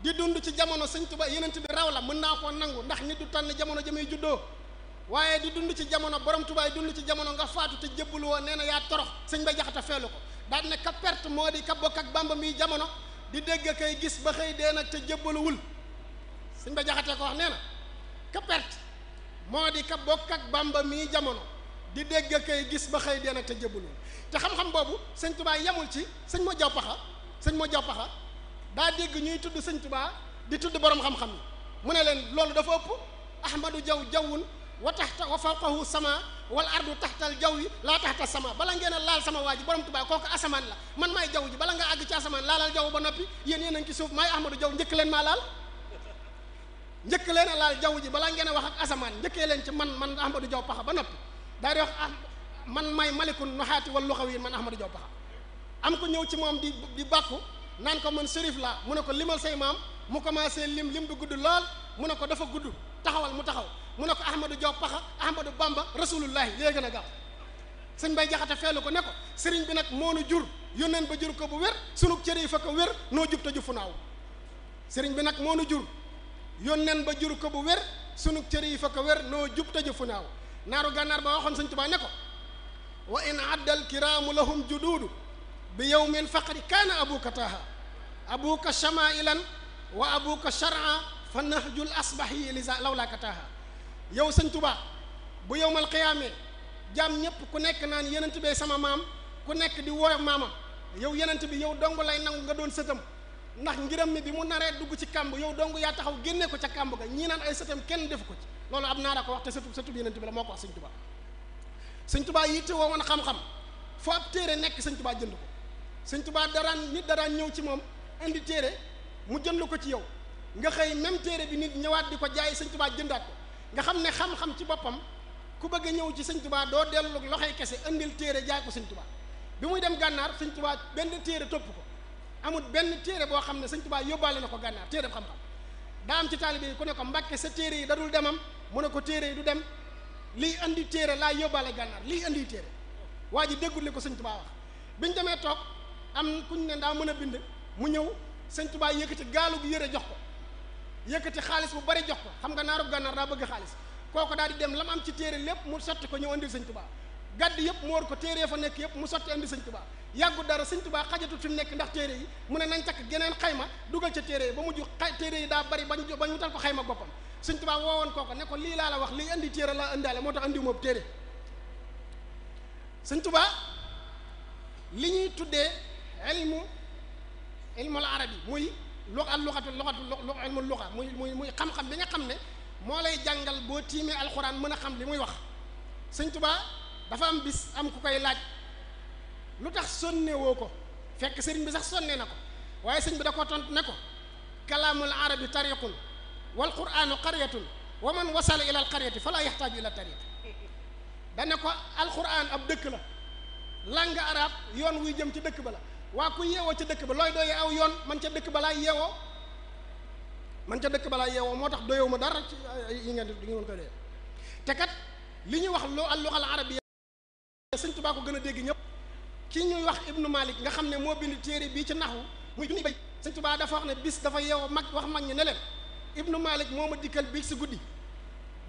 di dund ci jamono sëñ Tuba yenent bi raw la mën naa koo nangu ndax nit du tànn jamono ja muy juddoo waaye di dund ci jamono borom tubaay dund ci jamono nga faatu te jëbbul woon nee na yaa torox sëñ ba jaxata feelu ko daan ne ka perte moo di ka bokk ak bamba mii jamono di dégg a kay gis ba xëy dee nag te jëbbaluwul sëñ ba jaxatee ko wax nee na ka perte moo di ka bokk ak bamba jamono di dégg kay gis ba xëy dee nag te jëbbaluwul te xam-xam boobu sëñ tubaay yemul ci sëñ moo jaw paxa sëñ moo jaw daa dégg ñuy tudd sëñ tubaa di tudd borom xam-xam mu ne leen loolu dafa ëpp ahmadu jaw jawwun wa taxta wa fawqahu sama wal ardu taxtal jaw yi laa taxta sama bala ngeen a laal sama waa ji borom tubaa kooku asamaan la man maay jaw ji bala nga àgg ci asamaan laalal jaw ba noppi yéen yéen a ngi ci suuf maay ahmadu jaw njëkk leen maa laal njëkk leen a laal jaw ji balaa ngeen a wax ak asamaan njëkkee leen ci man man ahmadu jaw paxa ba noppi daa di wax ah man maay malikun nuxaati wal luxawiin man ahmadu jaw paxa am ko ñëw ci moom di di bàkku naan ko man sërif mu ne ko limal say maam mu commencé lim lim bi gudd lool mu ne ko dafa gudd taxawal mu taxaw mu ne ko ahmadou Diop paxa ahmadou bamba rasulullahi yee gën a gaaw sëñ bay jaxate feelu ko ne ko sëriñ bi nag moo nu jur yónneen ba jur ko bu wér sunu cër yi fa ko wér noo jub te jufu naaw sëriñ bi nag moo nu jur yónneen ba jur ko bu wér sunu cër yi fa ko wér noo jub te jufu naaw naaru gànnaar ba waxoon sëñ tubaa ne ko wa in addal kiraamu lahum juduudu bi yawmil faqri kaana abuka taaha abuka shamailan wa abuka shar'a fa nahjul asbahi lisa lawlaaka taaha yow sëñ Tuubaa bu yowmal qiyaamee jaam ñépp ku nekk naan yenent bee sama maam ku nekk di wooy maamam yow yenent bi yow dong lay nangu nga doon sëtam ndax ngiram mi bi mu naree dugg ci kàmb yow dong yaa taxaw génne ko ca kàmb ga ñii naan ay sëtam kenn defu ko ci loolu ab naara ko wax te sëtu sëtu bi yenent bi la moo ko wax sëñ Tuubaa sëñ Tuubaa yitte woo woon xam-xam foo nekk sëñ Tuubaa jënd ko sëñ tubaa daraan nit daraan ñëw ci moom indi téere mu jënd ko ci yow nga xëy même téere bi nit ñëwaat di ko jaay sëñ tubaa jëndaat ko nga xam ne xam-xam ci boppam ku bëgg a ñëw ci sëñ tubaa doo dellu loxoy kese indil téere jaay ko sëñ tubaa bi muy dem gànnaar sëñ tubaa benn téere topp ko amul benn téere boo xam ne sëñ tubaa yóbbaale na ko gànnaar téere xam-xam daa am ci taalibe ku ne ko mbàkke sa téere yi dadul demam mu ne ko téere yi du dem liy andi téere laa yóbbaale gànnaar liy andi téere waa ji déggul ko sëñ tubaa wax am kuñ ne daa mën a bind mu ñëw sëñ Tuubaa yëkkati gaalu gi yëre jox ko yëkkati xaalis bu bari jox ko xam nga naarub gànnaar daa bëgg xaalis kooku daal di dem lam am ci téere lépp mu sotti ko ñëw andil sëñ Tuubaa gàdd yëpp mu war ko téere fa nekk yëpp mu sotti andi sëñ Tuubaa yàggu dara sëñ Tuubaa xajatu fi mu nekk ndax téere yi mu ne nañ takk geneen xayma dugal ca téere yi ba mujj xay téere yi daa bari bañ bañ wutal ko xayma boppam sëñ Tuubaa woowoon kooku ne ko lii laa wax lii andi téere laa indaale moo tax andi moobu téere ilmu ilmul arabi muy luqa luqatu luqatu ilmul luqa muy muy muy xam-xam bi nga xam ne moo lay jàngal boo tiimee alxuraan mën a xam li muy wax sëñ dafa am bis am ku koy laaj lu tax sonne woo ko fekk sëriñ na waaye sëñ bi da ko tont ne ko kalaamul arabi tariqun wa quraanu qaryatun wa man wasala ila al qaryati fala yaxtaaju ila tariq dane ko alquran ab dëkk la langue arabe yoon wuy jëm ci dëkk ba la waa ku yeewoo ca dëkk ba looy doyee aw yoon man ca dëkk ba laay yeewoo man ca dëkk balaa laay yeewoo moo tax doyewu ma dara ci yi ngeen di ngeen koy doyee te kat li ñu wax loo al luxal arabiya sëñ Tuubaa ko gën a dégg ñëpp ki ñuy wax ibnu malik nga xam ne moo bind téere bii ci naxu muy junni bay sëñ Tuubaa dafa wax ne bis dafa yeewoo mag wax mag ñi ne leen ibnu malik moo ma dikkal bi si guddi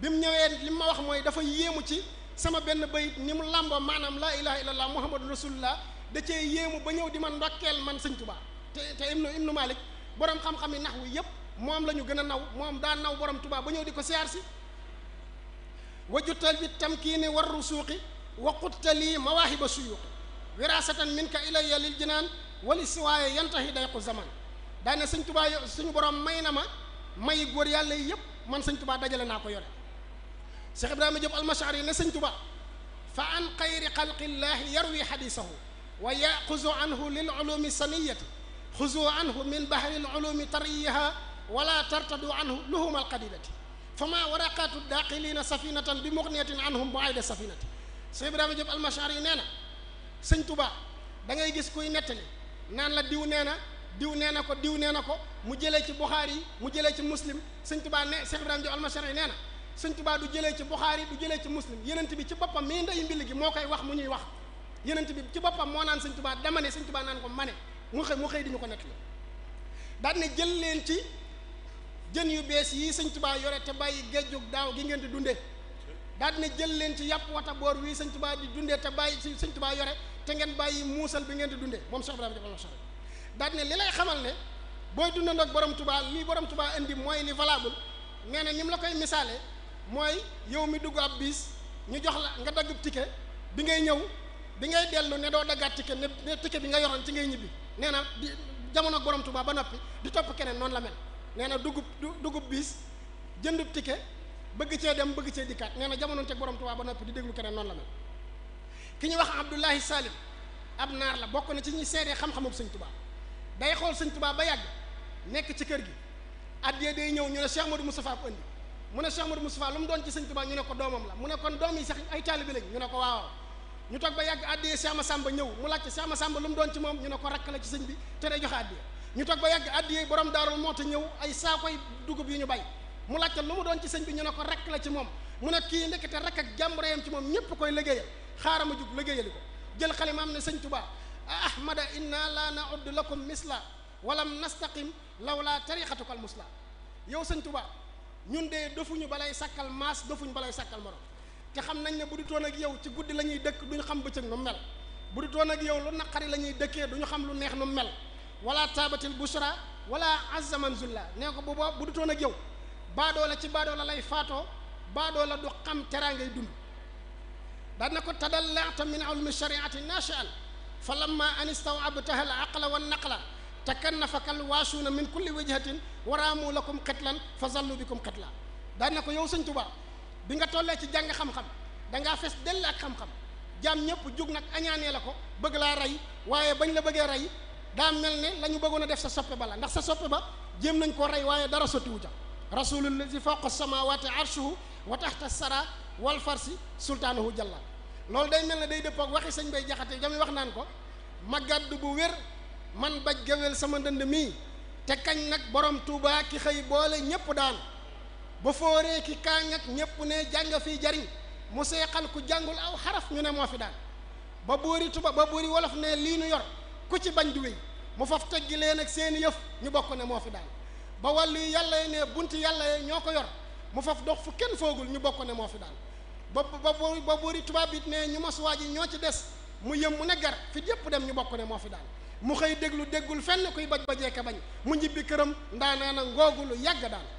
bi mu ñëwee li ma wax mooy dafa yéemu ci sama benn bayit ni mu làmboo maanaam laa ilaha illallah muhammadu rasulullah da cee yéemu ba ñëw di man ndokkeel man sañ Tuubaa te te Ibnu Ibnu boroom borom xam-xam yi nax wi yëpp moom la ñu gën a naw moom daa naw boroom Tuubaa ba ñëw di ko siyaar si wajutal bi tamkiini war rusuuqi waqutta lii mawaahiba suyuuqi wirasatan min ka ilayya lil jinaan wali siwaaye yantahi dayqu zaman daane sëñ Tuubaa suñu borom may na ma may góor yàlla yi yëpp man sëñ Tuubaa dajale naa ko yore Cheikh Ibrahima Diop almashar yi ne sëñ Tuubaa fa an xayri xalqillaahi yarwi xadiisahu wa yaxusu anhu lil ulumi saniyati xusu anhu min bahril ulumi tariyaha wala tartadu anhu luhumal qadidati fama waraqatu daaqilina safinatan bi muxniyatin anhum bu ayda safinati sëñ Ibrahima Diop almashar yi nee na sëñ Tuubaa da ngay gis kuy nettali naan la diw nee na diw nee na ko diw nee na ko mu jëlee ci Buxaari yi mu jëlee ci muslim sëñ Tuubaa ne Cheikh Ibrahima Diop almashar yi nee na sëñ Tuubaa du jëlee ci Buxaari du jëlee ci muslim yenent bi ci boppam mii ndeyu mbill gi moo koy wax mu ñuy wax yenent bi ci boppam moo naan sëñ tubaa dama sañ sëñ tubaa naan ko mane mu xëy mu xëy di ñu ko nekk li daan ne jël leen ci jën yu bees yii sëñ tubaa yore te bàyyi géejug daaw gi ngeen di dundee daal ne jël leen ci yàpp wata boor wii sëñ tubaa di dundee te bàyyi ci sëñ tubaa yore te ngeen bàyyi muusal bi ngeen di dundee moom Cheikh Ibrahima defal na soxla daal ne li lay xamal ne booy dundandoo ak borom tubaa lii borom tubaa indi mooy li valable nee na ni mu la koy misaale mooy yow mi dugg ab biis ñu jox la nga dagg ticket bi ngay ñëw bi ngay dellu ne doo daggaat ticket ne ne ticket bi nga yoroon ci ngay ñibbi nee na di jamono borom Tuubaa ba noppi di topp keneen noonu la mel nee na dugub dugub biis jëndub ticket bëgg cee dem bëgg cee dikkaat nee na jamono teg borom Tuubaa ba noppi di déglu keneen noonu la mel ki ñu wax am Abdullahi Salim ab naar la bokk na ci ñuy seedee xam-xamub sëñ Tuubaa day xool sañ Tuubaa ba yàgg nekk ci kër gi addee day ñëw ñu ne Cheikh Modou Moustapha ko indi mu ne Cheikh Modou Moustapha lu mu doon ci sëñ Tuubaa ñu ne ko doomam la mu ne kon sax ay taalibe lañ ne ko waaw ñu toog ba yàgg àddiyee Cheikh Massamba ñëw mu laajte Cheikh Massamba lu mu doon ci moom ñu ne ko rakk la ci sëñ bi te day joxe àddiyee ñu toog ba yàgg àddiyee borom daarul moo te ñëw ay saakoy dugub yu ñu bay mu laajte lu mu doon ci sëñ bi ñu ne ko rakk la ci moom mu ne kii ndekete rakk ak jàmbureeyam ci moom ñépp koy liggéeyal xaaral ma jug liggéeyali ko jël xalimaam ne sëñ Tuubaa ahmada inna la nauddu lakum misla walam nastaqim lawla tariqatuka al musla yow sëñ Tuubaa ñun de dofuñu balay sàkkal maas dofuñu balay sàkkal morom te xam nañ ne bu du ak yow ci guddi la ñuy dëkk duñu xam bëccëg nu mel bu du toon ak yow lu naqari la ñuy dëkkee duñu xam lu neex nu mel wala taabatil bushra wala azzaman zulla nee ko booba bu du toon ak yow baadoo la ci baadoo la lay faatoo baadoo la du xam teraangay dund daan na ko tadallaata min ilmi shariati nashaan fa lamma an istawabtaha al aqla wa naqla takannafaka al waasuuna min kulli wijhatin waraamu lakum xetlan fa zallu bikum xetla daan na ko yow sëñ Tuubaa bi nga tollee ci jàng xam-xam dangaa fes dell ak xam-xam jaam ñëpp jug nag añaanee la ko bëgg laa rey waaye bañ la bëggee rey daa mel ne la ñu bëggoon a def sa soppe ba la ndax sa soppe ba jéem nañ koo rey waaye dara sottiwu ca rasulul lazi fawqa samawati arshuhu wa tahta sara wal farsi sultaanuhu jalla loolu day mel ne day dëppook waxi sañ bay jaxate jami wax naan ko ma gàddu bu wér man baj géwél sama ndënd mii te kañ nag borom tuubaa ki xëy boole ñépp daan ba fooree ki kaañ ak ñépp ne jàng fii jariñ mu seexal ku jàngul aw xaraf ñu ne moo fi daal ba buuri tuba ba buuri wolof ne lii nu yor ku ci bañ du wéy mu faf teggi leen ak seeni yëf ñu bokk ne moo fi daal ba wàllu yàlla yi ne bunti yàlla yi ñoo ko yor mu faf dox fu kenn foogul ñu bokk ne moo fi daal ba ba ba buuri tubaab it ne ñu mos waa ñoo ci des mu yëm mu ne gar fi yëpp dem ñu bokk ne moo fi daal mu xëy déglu déggul fenn kuy baj bajee ka bañ mu njibbi këram ndaanaana ngoogu lu yàgg daal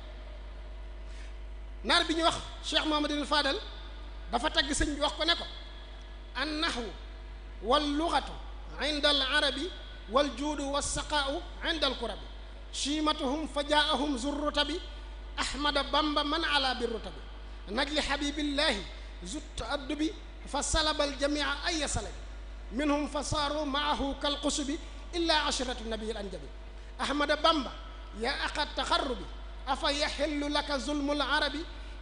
naar bi ñuy wax Cheikh Mahamadul Fadal dafa tagg sëñ bi wax ko ne ko an nahwu wal lughatu inda al arabi wal juudu was saqaa'u inda al kurabi chiimatuhum fa jaahum zurrutabi ahmada bamba man ala birrutabi najli habibillahi zut addubi fa salabal jamia aya salabi minhum fa saaru maahu kalqusubi illa ashratu nabiil anjabi ahmada bamba yaa aqa taxarrubi afa yaxillu laka zulmul arabi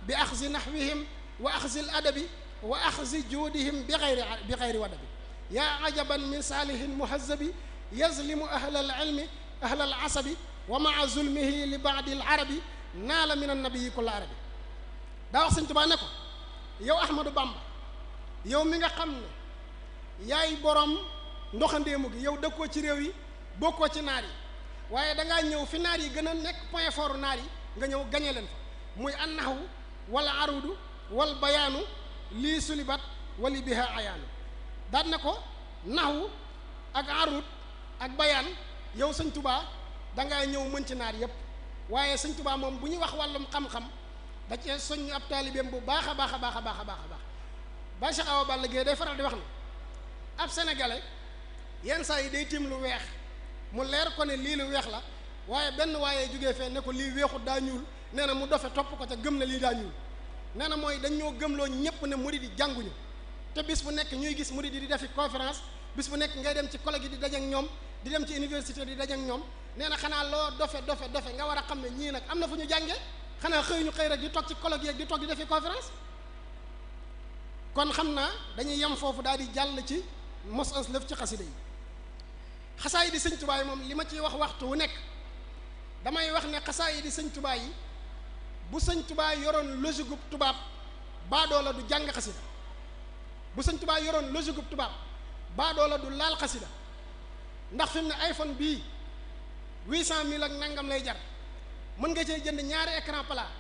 bi axzi naxwihim wa axzi l adabi wa axzi juudihim bi xayri bi xayri wadabi yaa ajaban min saalihin muhazabi yazlimu ahla al ilmi ahla al asabi wa maa zulmihi li baadi l arabi naala min annabiyi kulla arabi daa wax sëñ Tuubaa ne ko yow Ahmadou Bamba yow mi nga xam ne yaay borom ndoxandeemu gi yow dëkkoo ci réew yi bokkoo ci naar yi waaye da ñëw fi naar yi gën a nekk point fort naar yi nga ñëw gañe leen fa muy annahu wala arudu wal bayaanu lii sulibat wali biha ayaanu daan na ko naxu ak arud ak bayaan yow sëñ tubaa dangaa ñëw mën ci naar yépp waaye sëñ tubaa moom bu ñuy wax wàllum xam-xam da cee soññ ab taalibeem bu baax a baax a baax a baax a baax a baax ba Cheikh Awa Balla Gaye day faral di wax ne ab sénégalais yenn saa yi day tiim lu weex mu leer ko ne lii lu weex la waaye benn waaye jóge fee ne ko lii weexut daa ñuul nee mu dofe topp ko ca gëm ne lii daa ñuul nee na mooy dañ gëm gëmloo ñëpp ne murid yi di te bis bu nekk ñuy gis murid yi di defi conférence bis bu nekk ngay dem ci collège yi di dajeek ñoom di dem ci université di dajeek ñoom nee na xanaa loo dofe dofe dofe nga war a xam ne ñii nag am na fu ñu jàngee xanaa xëy ñu xëy rek di toog ci collège yeeg di toog defi conférence kon xam naa dañuy yem foofu daal di jàll ci mos ans ci xasida yi xasaay di sëñ tubaa moom li ma ciy wax waxtu wu nekk damay wax ne xasaay di sëñ tubaa yi bu sëñ tubaa yoroon logique gu tubaab baadoo la du jàng xasida bu sëñ tubaa yoroon logique gu tubaab baadoo la du laal xasida ndax fi mu ne iPhone bii huit cent mille ak nangam lay jar mën nga cee jënd ñaari écran plat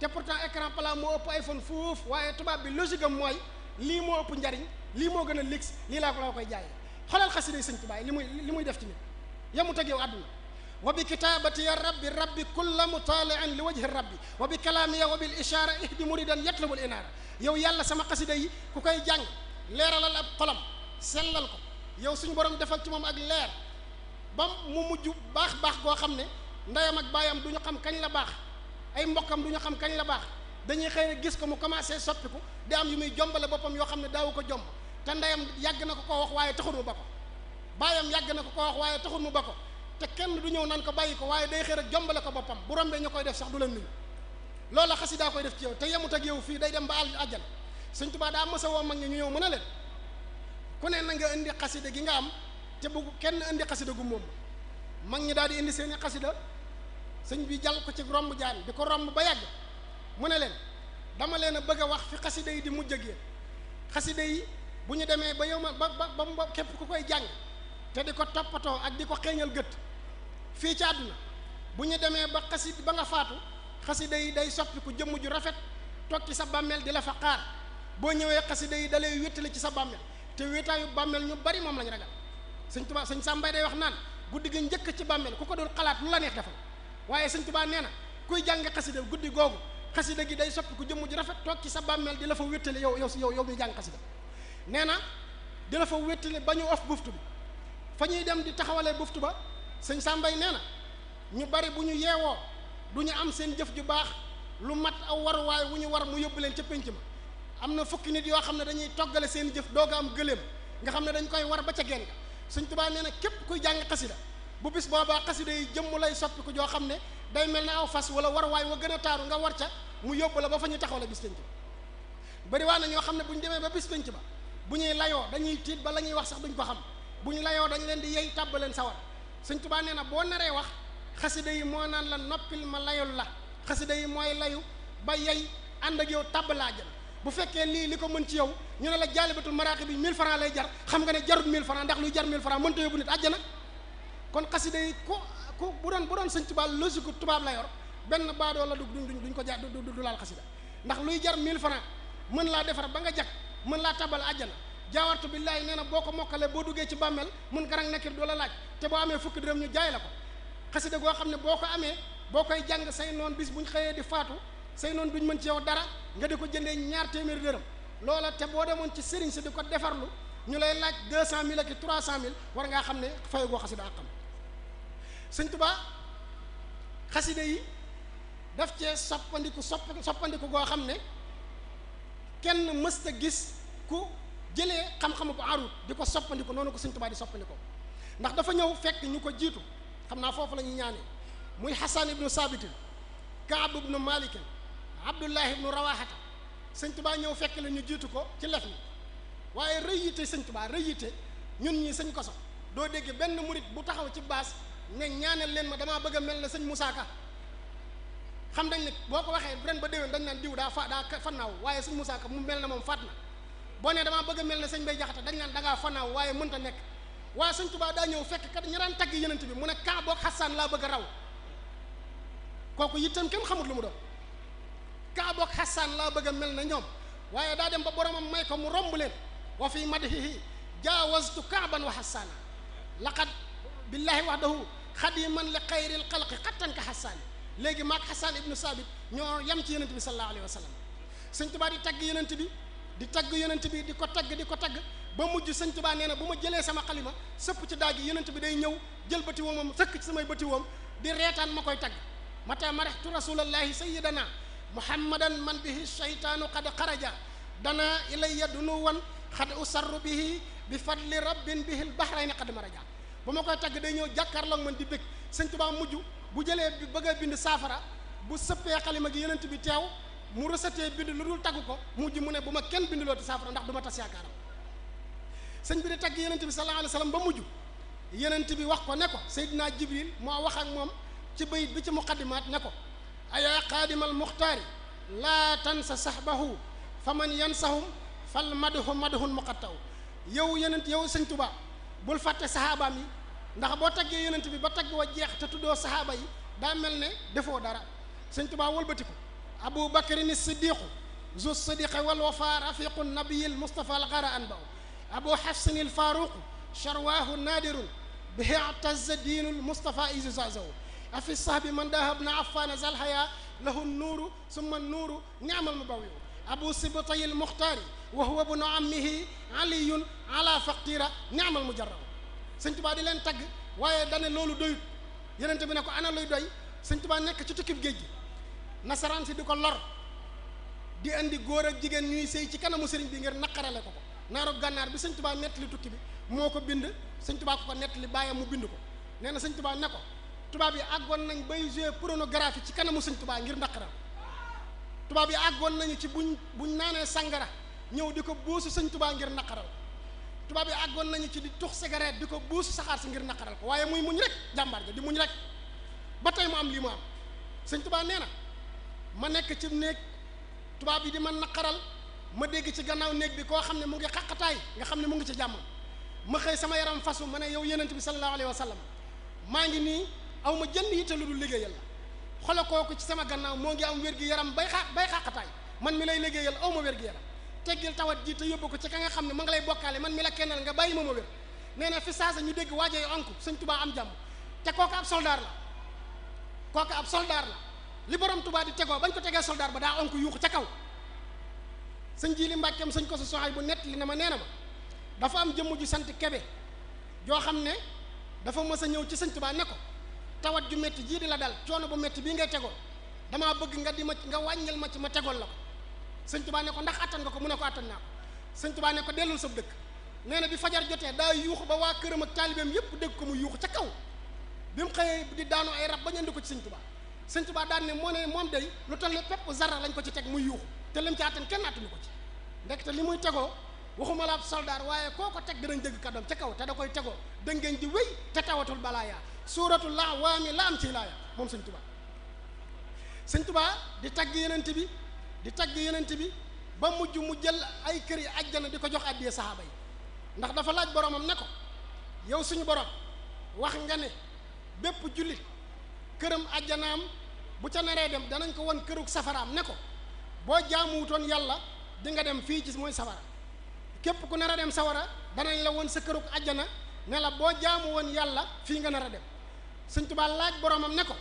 te pourtant écran plat moo ëpp iPhone foofu waaye tubaab bi logique am mooy lii moo ëpp njariñ lii moo gën a lix lii laa ko la koy jaay xoolal xasida yi sëñ Tuubaa li muy li muy def ci nit yemut ak yow àdduna wa bi kitaabati ya rabbi rabbi kulla mutaaliin li wajhi rabbi wa bi kalaami ya wa bil ishaara ihdi muridan yatlubul inaara yow yàlla sama xasida yi ku koy jàng leeralal ab xolam sellal ko yow suñu borom defal ci moom ak leer ba mu mujj baax baax koo xam ne ndeyam ak baayam du ñu xam kañ la baax ay mbokkam du ñu xam kañ la baax dañuy xëy na gis ko mu commencé soppiku di am yu muy jombale boppam yoo xam ne daawu ko jomb te ndeyam yàgg na ko koo wax waaye taxul mu ba ko baayam yàgg na ko koo wax waaye taxul mu ba ko te kenn du ñëw naan ko bàyyi ko waaye day xëy rek jombale ko boppam bu rombee ñu koy def sax du la nuyu loola xasidaa koy def ci yow te yemut ak yow fii day dem ba àll àjjana Sëñ Tuubaa daa mës a woo mag ñi ñu ñëw mën a leen ku ne na nga indi xasida gi nga am te bu kenn indi xasida gu moom mag ñi daal di indi seeni xasida sëñ bi jàll ko ci romb jaan di ko romb ba yàgg mu ne leen dama leen a bëgg a wax fi xasida yi di mujj ak yéen xasida yi bu ñu demee ba yow ma ba ba ba képp ku koy jàng te di ko toppatoo ak di ko xeeñal gët fii ci àdduna bu ñu demee ba xasi ba nga faatu xasida yi day soppiku jëmm ju rafet toog ci sa bàmmeel di la fa xaar boo ñëwee xasida yi dalay wéttali ci sa bàmmeel te wéetaayu bàmmeel ñu bari moom lañu ragal sëñ tubaa sëñ sàmbay day wax naan guddi gi njëkk ci bàmmeel ku ko doon xalaat lu la neex defal waaye sëñ tubaa nee na kuy jàng xasida guddi googu xasida gi day soppiku jëmm ju rafet toog ci sa bàmmeel di la fa wéttali yow yow yow yow muy jàng xasida nee na dina fa wéttali ba ñu of buftu bi fa ñuy dem di taxawalee buftu ba sëñ sàmbay nee na ñu bari bu ñu yeewoo du ñu am seen jëf ju baax lu mat aw waruwaay wu ñu war mu yóbbu leen ca pénc ma am na fukki nit yoo xam ne dañuy toggale seen jëf doog a am gëléem nga xam ne dañ koy war ba ca geen ga sëñ Tuubaa nee na képp kuy jàng xasida bu bis boobaa xasida yi jëmm lay soppi ko joo xam ne day mel ne aw fas wala waruwaay wa gën a taaru nga wa ca mu yóbbu ba fa ñu taxaw la bis pénc ba bëri na ñoo xam ne bu ñu demee ba bis pénc bu ñuy layoo dañuy tiit ba la ñuy wax sax duñ ko xam bu ñu layoo dañ leen di yey tàbb leen sawar sëñ tubaa nee na boo naree wax xasida yi moo naan la noppil ma layul la xasida yi mooy layu ba yey ànd ak yow tàbb laa jël bu fekkee lii li ko mën ci yow ñu ne la jaalibatul maraaxi bi 1000 francs lay jar xam nga ne jarut 1000 francs ndax luy jar 1000 francs mënta yóbbu nit àjjana kon xasida yi ku doon bu doon sëñ tubaa logique tubaab la yor benn baadoo la dug duñ ko jaar du laal xasida ndax luy jar 1000 francs mën laa defar ba nga jag mën laa tabal àjjana jaawartu billaay nee na boo ko mokkalee boo duggee ci bàmmeel mun garang nakir du la laaj te boo amee fukki dërëm ñu jaay la ko xasida goo xam ne boo ko amee boo koy jàng say noon bis buñ xëyee di faatu say noon duñ mën ci yow dara nga di ko jënde ñaar téeméeri dërëm loola te boo demoon ci sëriñ si di ko defarlu ñu lay laaj deux cent mille ak trois cent mille war ngaa xam ne fay goo xasida àqam sëñ tubaa xasida yi daf cee soppandiku sopp soppandiku goo xam ne kenn mësta gis ku jëlee xam-xamu bu arut di ko soppandiku noonu ko Sëñ Tuubaa di soppandiku ndax dafa ñëw fekk ñu ko jiitu xam naa foofu lañuy ñuy muy Hasan ibnu Sabitin Kaab ibnu Malikin Abdullahi ibnu Rawaxata Sëñ Tuubaa ñëw fekk la ñu jiitu ko ci lef mi waaye rëyite Sëñ Tuubaa rëyite ñun ñi sëñ koso doo déggee benn murit bu taxaw ci baas ne ñaanal leen ma damaa bëgg mel na sëñ Moussa Ka xam dañ ne boo ko waxee ren ba déwén dañ naan diw daa fa daa fannaaw waaye sëñ Moussa Ka mu mel na moom faat boo ne damaa bëgg mel na sëñ bay jaxata dañ naan da ngaa fanaaw waaye mënta nekk waaye sëñ tubaa daa ñëw fekk kat ña daan tagg yenent bi mu ne kaa boog xasaan laa bëgg a raw kooku itam kenn bëgg a mel na ñoom waaye daa dem ba boromam may ko mu romb leen wa fi madhihi jaawastu kaaban wa xasaana laqad billaahi wahdahu xadiman li xayril xalqi xattan ka xasaani léegi maag xasaan ibnu saabit ñoo yem ci yenent bi sallallahu alayhi wa sallam sëñ tubaa di tagg yenent bi di tagg yonent bi di ko tagg di ko tagg ba mujj sëñ Tuubaa nee na bu ma jëlee sama xalima sëpp ci daaj gi yonent bi day ñëw jël bëti woomam sëkk ci samay bëti woom di reetaan ma koy tagg mata marextu rasulallahi sayidana muhammadan man bihi shaytaanu qad xaraja dana ilayya dunuwan xad usarru bihi bi fadli rabbin bihi lbahrayni qad maraja ba ma koy tagg day ñëw jàkkaarloog man di bëgg sëñ Tuubaa mujj bu jëlee bi bëgg a bind saafara bu sëppee xalima gi yonent bi teew mu resetee bind lu dul tagg ko mujj mu ne bu ma kenn bind loo ti saafara ndax du tas yaakaaram sëñ bi di tagg yenent bi sallallahu alayhi wasallam ba mujj yenent bi wax ko ne ko Seydina Jibril moo wax ak moom ci bayit bi ci muqaddimaat ne ko ayaa xaadimal muxtaari laa tan sa tansa sahbahu fa man yansahum fal maduhu maduhun muqattaw yow yenent yow sëñ Tuubaa bul fàtte saxaabaam yi ndax boo taggee yenent bi ba tagg wa jeex te tuddoo saxaaba yi daa mel ne defoo dara sëñ Tuubaa wëlbati abu bakrin siddiqu zu siddiqa wal wafa rafiqu nabiyil mustafa al gara an baw abu xafsin il faruqu sharwaahu naadirun bihi ataza diinul mustafa isu zazaw afi sahbi man dahab na afana zalhaya lahu nuuru summa nuuru niamal mubawiu abu sibtayil muxtaari wa huwa bnu ammihi aliyun ala faqira niamal mujarrab sëñ tubaa di leen tagg waaye dane loolu doyut yenente bi ne ko ana luy doy sëñ tubaa nekk ci tukkib géej gi nasaraan si di ko lor di indi góor ak jigéen ñuy sëy ci kanamu sëriñ bi ngir naqarale ko ko naarab gànnaar bi sëñ tubaa nettali tukki bi moo ko bind sëñ tubaa ko ko nettali bàyyam mu bind ko nee na tubaa ne ko tubaab yi àggoon nañ bay jouer pornographie ci kanamu sëñ ngir naqaral tubaab yi àggoon nañu ci buñ buñ naanee sàngara ñëw di ko buusu sëñ tubaa ngir naqaral tubaab yi àggoon nañu ci di tux cigarette di ko buusu saxaar si ngir naqaral ko waaye muy muñ rek jàmbaar gi di muñ rek ba tey mu am lii mu am sëñ tubaa nee na ma nekk ci néeg tubaab yi di ma naqaral ma dégg ci gannaaw néeg bi koo xam ne mu ngi xaqataay nga xam ne mu ngi ci jàmm ma xëy sama yaram fasu ma ne yow yenent bi sallallahu alayhi wa maa ngi nii aw ma jënd yitte lu dul liggéeyal la xoolal kooku ci sama gannaaw moo ngi am wér gi yaram bay bay xaqataay man mi lay liggéeyal aw ma wér gi yaram tawat ji te yóbbu ko ci ka nga xam ne ma nga lay bokkaale man mi la kennal nga bàyyi ma ma na fi saasa ñu dégg waajee onk sëñ tubaa am jàmm te kooku ab soldaar la kooku ab soldaar la li borom tubaab di tegoo bañ ko tegee soldaar ba daa onk yuuxu ca kaw sëñ ji li mbàckeem sañ ko sa soxaay bu nett li na ma nee ma dafa am jëmm ju sant kebe joo xam ne dafa mës a ñëw ci sëñ tubaa ne ko tawat ju métti jii di la dal coono bu métti bii ngay tegoo damaa bëgg nga di ma nga wàññil ma ci ma tegoon la ko sëñ tubaa ne ko ndax àttan nga ko mu ne ko attan naa ko sëñ tubaa ne ko dellul sa dëkk nee na bi fajar jotee daa yuuxu ba waa këram ak taalibeem yépp dégg ko mu yuuxu ca kaw bi mu di daanu ay rab bañ ko ci sëñ tubaa sëñ Tuubaa daan ne moo ne moom day lu toll ne pepp zara lañ ko ci teg mu yuuxu te lim ci àttan kenn àttanu ko ci te li muy tegoo waxuma la ab soldaar waaye koo ko teg dinañ dëgg kàddoom ca kaw te da koy tegoo da ngeen di wéy te tawatul balaa yaa suuratul laa la am ci laaya moom sëñ Tuubaa sëñ Tuubaa di tagg yenent bi di tagg yenent bi ba mujj mu jël ay kër yi ajjana di ko jox àddiyee saxaaba yi ndax dafa laaj boromam ne ko yow suñu borom wax nga ne bépp jullit këram ajjanaam bu ca naree dem danañ ko won kërug safaraam ne ko boo jaamuwutoon yàlla di nga dem fii ci mooy safara képp ku nar a dem sawara danañ la woon sa kërug ajjana ne boo jaamu woon yàlla fii nga nar a dem Sëñ Tuubaa laaj boroomam ne ko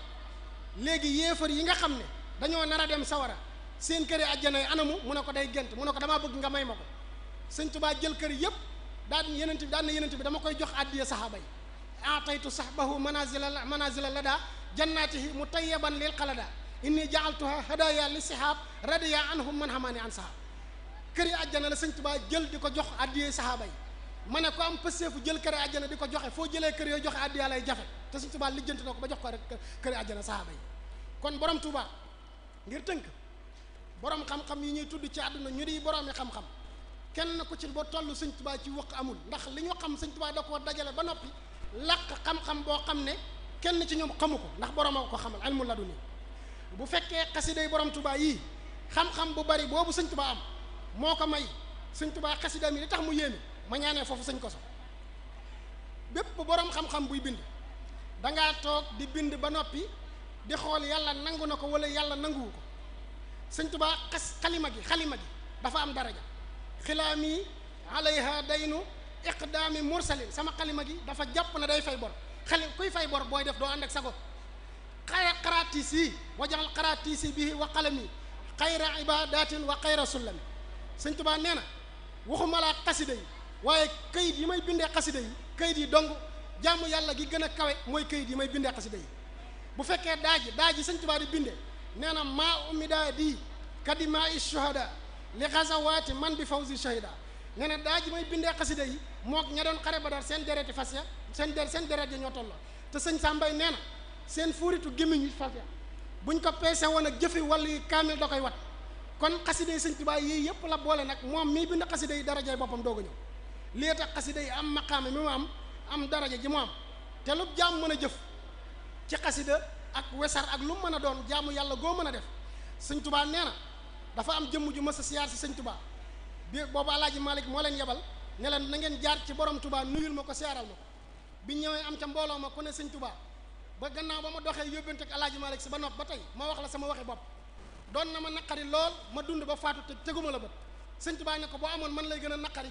léegi yéefar yi nga xam ne dañoo nar a dem sawara seen këri ajjana yi anamu mu ne ko day gént mu ne ko damaa bëgg nga may ma ko Sëñ Tuubaa jël kër yépp daan yenent bi daan na bi dama koy jox àddiya saxaaba yi ataytu sahbahu manazila manazila la daa jannatihi mu tayyaban lil xalada inni jaaltuha hadaya li sihaab radiya anhum man xamaani an sahaab këri àjjana la sëñ tubaa jël di ko jox addiyee sahaaba yi ma na ko am pëseefu jël këri àjjana di ko joxe foo jëlee kër yooyu joxe addiya lay jafe te sëñ Tuubaa lijjanti na ko ba jox ko rek këri àjjana sahaaba yi kon borom Tuubaa ngir tënk borom xam-xam yi ñuy tudd ci àdduna ñu di boroomi xam-xam kenn ku ci ba toll sëñ Tuubaa ci wëq amul ndax li ñu xam sëñ Tuubaa da koo dajale ba noppi làq xam-xam xam ne kenn ci ñoom xamu ko ndax borom ko xamal almu ladu ni bu fekkee xasiday borom tubaa yii xam-xam bu bari boobu sëñ tubaa am moo ko may sëñ tubaa xasida mi li tax mu yéeme ma ñaanee foofu sëñ koso bépp borom xam-xam buy bind dangaa toog di bind ba noppi di xool yàlla nangu na ko wala yàlla nanguwu ko sëñ tubaa xas xalima gi xalima gi dafa am daraja xilaami alayha daynu iqdaami mursalin sama xalima gi dafa jàpp na day fay bor xale kuy fay bor booy def doo ànd ak sago xay xaraatiis yi wajaxal xaraatiis yi bii wa xalami xayra ibadatin wa xayra sullami sëñ tubaa nee na waxuma laa xasida yi waaye kayit yi may bindee xasida yi kayit yi dong jàmm yàlla gi gën a kawe mooy kayit yi may bindee xasida yi bu fekkee daaji daaji sëñ tubaa di bindee nee na maa umidaa di kadima i shuhada li xasawaati man bi fawzi shahida nee na daaji may bindee xasida yi mook ña doon xare badar seen dereti fas seen der seen deret yi ñoo tolloo te sëñ Sambay nee na seen fuuritu gémmiñ faf ya buñ ko peese woon ak jëfi wàll yi kaamil da koy wat kon xasida yi sëñ Tuubaa yii yëpp la boole nag moom mii bind xasida yi darajay boppam doog a ñëw lii tax xasida yi am maqaame mi mu am am daraja ji mu am te lu jaam mën a jëf ci xasida ak wesar ak lu mën a doon jaamu yàlla goo mën a def sëñ Tuubaa nee na dafa am jëmm ju mës a siyaar si sëñ tubaa bi boobu Alaaji Malik moo leen yebal leen na ngeen jaar ci borom Tuubaa nuyul ma ko siyaaral ma bi ñëwee am ca mbooloo ma ku ne sëñ Tuubaa ba gannaaw ba ma doxee yóbbante ak alaaji Malik si ba nopp ba tey ma wax la sama waxi bopp doon na ma naqari lool ma dund ba faatu te teguma la bët sëñ Tuubaa ne ko boo amoon man lay gën a naqari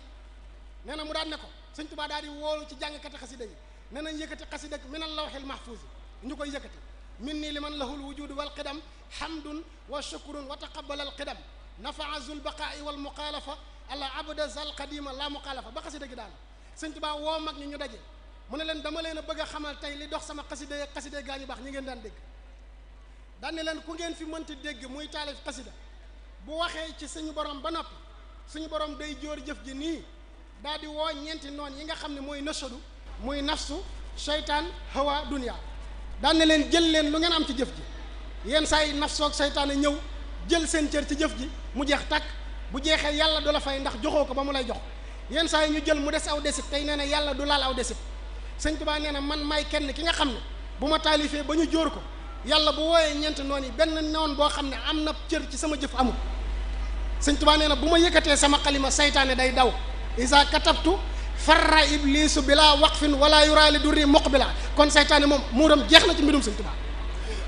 nee na mu daan ne ko sëñ Tuubaa daal di woolu ci jàngkati xasida yi nee nañ yëkkati xasida ak minal lawhil mahfuz ñu koy yëkkati min nii li man lahul wujudu wal qidam hamdun wa shukrun wa taqabbalal qidam nafaa zul baqaa'i wal muxaalafa ala abda zal qadima la muxaalafa ba xasida gi daal sëñ Tuubaa woo mag ñi ñu daje mu ne leen dama leen a bëgg xamal tey li dox sama xasida xasida gaa ñu baax ñi ngeen daan dégg daan leen ku ngeen fi mënti dégg muy taalif xasida bu waxee ci suñu borom ba noppi suñu borom day jóor jëf ji nii daal di woo ñeenti noon yi nga xam ne mooy nasadu muy nafsu seytaan hawa dunia daan na leen jël leen lu ngeen am ci jëf ji yenn saa yi nafsu ak seytaane ñëw jël seen cër ci jëf ji mu jeex takk bu jeexee yàlla du la fay ndax joxoo ko ba mu lay jox yenn saa yi ñu jël mu des aw desit tey nee na yàlla du laal aw desit sëñ Tuubaa nee man may kenn ki nga xam ne bu ma taalifee ba ñu jóor ko yàlla bu wooyee ñeent noon yi benn noon boo xam ne am na cër ci sama jëf amul sëñ Tuubaa nee na bu ma yëkkatee sama xalima seytaane day daw isa katabtu farra iblisu bila waqfin wala yuraali durri muqbila kon saytaane moom muuram jeex na ci mbirum sëñ Tuubaa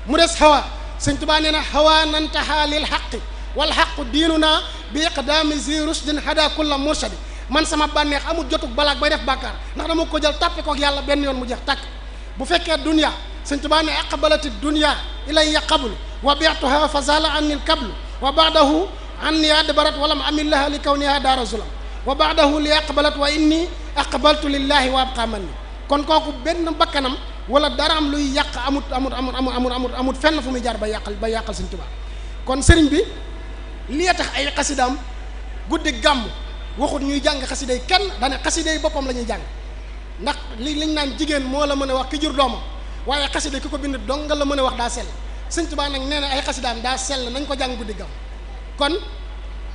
mu des xawaa sëñ Tuubaa nee na xawaa nantahaa lil xaqi wal xaqu diinu naa bi iqdaami zi rusdin hada kulla murshadi man sama bànneex amul jotug balaak bay def bàkkaar ndax dama ko jël tàppe kook yàlla benn yoon mu jeex tàkk bu fekkee dunya sëñ Tuubaa ne aqbalati dunya ilayya qablu wa bi'tuha fa zala anni al-qablu wa ba'dahu anni adbarat walam amil laha li kawniha daara zulam wa ba'dahu li aqbalat wa inni aqbaltu lillahi wa abqa manni kon kooku benn bakkanam wala dara am luy yàq amut amut amut amut amut amut amut fenn fu muy jaar ba yàqal ba yàqal sëñ Tuubaa kon sëriñ bi li tax ay xasidaam gàmm waxut ñuy jàng xasiday kenn dane xasiday boppam la ñuy jàng ndax li liñ naan jigéen moo la mën a wax ki jur doomam waaye xasida ki ko bind dong la mën a wax daa sell sëñ Tuubaa nag nee na ay xasidaam daa sell nañ ko jàng guddi gam kon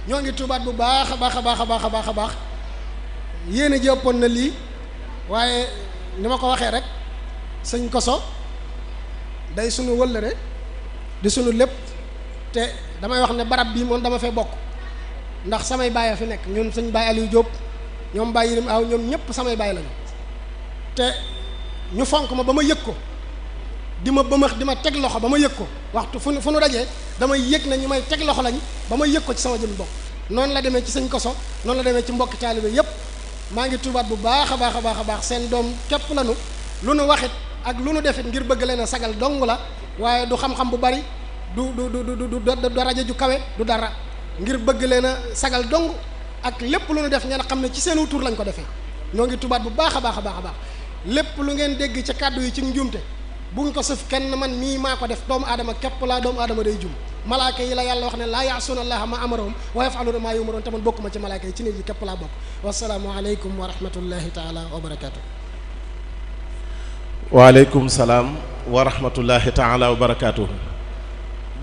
ñoo ngi tuubaat bu baax a baax a baax a baax a baax a baax yéen a jëppoon na lii waaye ni ma ko waxee rek sëñ Koso day sunu wëllëre di sunu lépp te damay wax ne barab bii moom dama fee bokk ndax samay baay a fi nekk ñun suñ baay Aliou Diop ñoom bàyyi Yirim Aw ñoom ñëpp samay baay lañu te ñu fonk ma ba ma yëg ko di ma ba ma di ma teg loxo ba ma yëg ko waxtu fu nu fu nu dajee damay yëg na ñu may teg loxo lañ ba ma yëg ko ci sama jëm bokk noonu la demee ci sëñ koso noonu la demee ci mbokk taalibe yépp maa ngi tuubaat bu baax a baax a baax a baax seen doom képp lañu lu nu waxit ak lu nu defit ngir bëgg leen a sagal dong la waaye du xam-xam bu bari du du du ju kawe du dara ngir bëgg leen a sagal dong ak lépp lu ñu def ngeen xam ne ci seenu tur lañu ko defee ñoo ngi tubaat bu baax a baax a baax a baax lépp lu ngeen dégg ci kàddu yi ci njuumte bu nga ko sëf kenn man nii maa ko def doomu adama képp laa doomu adama dey jum malaaka yi la yàlla wax ne laa yaasuuna allaha ma amarahum wa yafaluuna maa yumaroon te man bokk ma ci malaaka yi ci nit yi képp laa bokk wasalaamu aleykum wa rahmatullahi taala wa barakaatu waaleykum salaam wa rahmatullahi taala wa barakaatu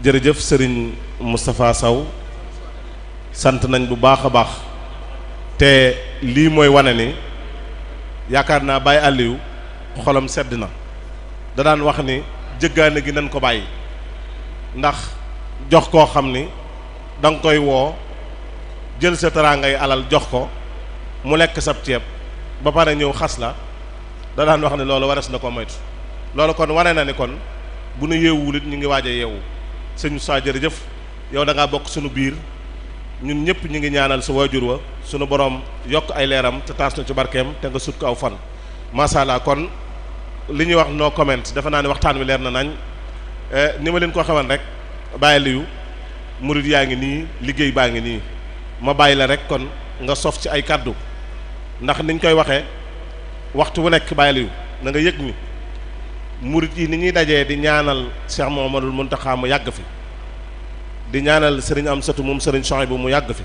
jërëjëf sëriñ Moustapha Sow sant nañ bu baax a baax te lii mooy wane ni yaakaar naa baay àlliw xolam sedd na da wax ni jëggaane gi nañ ko bàyyi ndax jox koo xam ni danga koy woo jël sa teraangay alal jox ko mu lekk sab ceeb ba pare ñëw xas la da daan wax ne loolu waras na ko moytu loolu kon wane na ni kon bu nu yeewuwul it ñu ngi waaja a yeewu sëñ Moussa jërëjëf yow da bokk sunu biir ñun ñëpp ñu ngi ñaanal sa waajur wa suñu borom yokk ay leeram te taas na ci barkeem te nga sut ko aw fan macha allah kon li ñuy wax no comment dafa naa ne waxtaan wi leer na nañ eh, ni ma leen ko xaman rek bàyyi liyu murid yaa ngi nii liggéey baa ngi nii ma bàyyi la rek kon nga sof ci ay kàddu ndax niñ koy waxee waxtu wu nekk bàyyi liyu na nga yëg ni murid yi ni ñuy dajee di ñaanal Cheikh Mouhamadoul Mountakha mu yàgg fi di ñaanal sëriñ am satu moom sëriñ Chouaib bu mu yàgg fi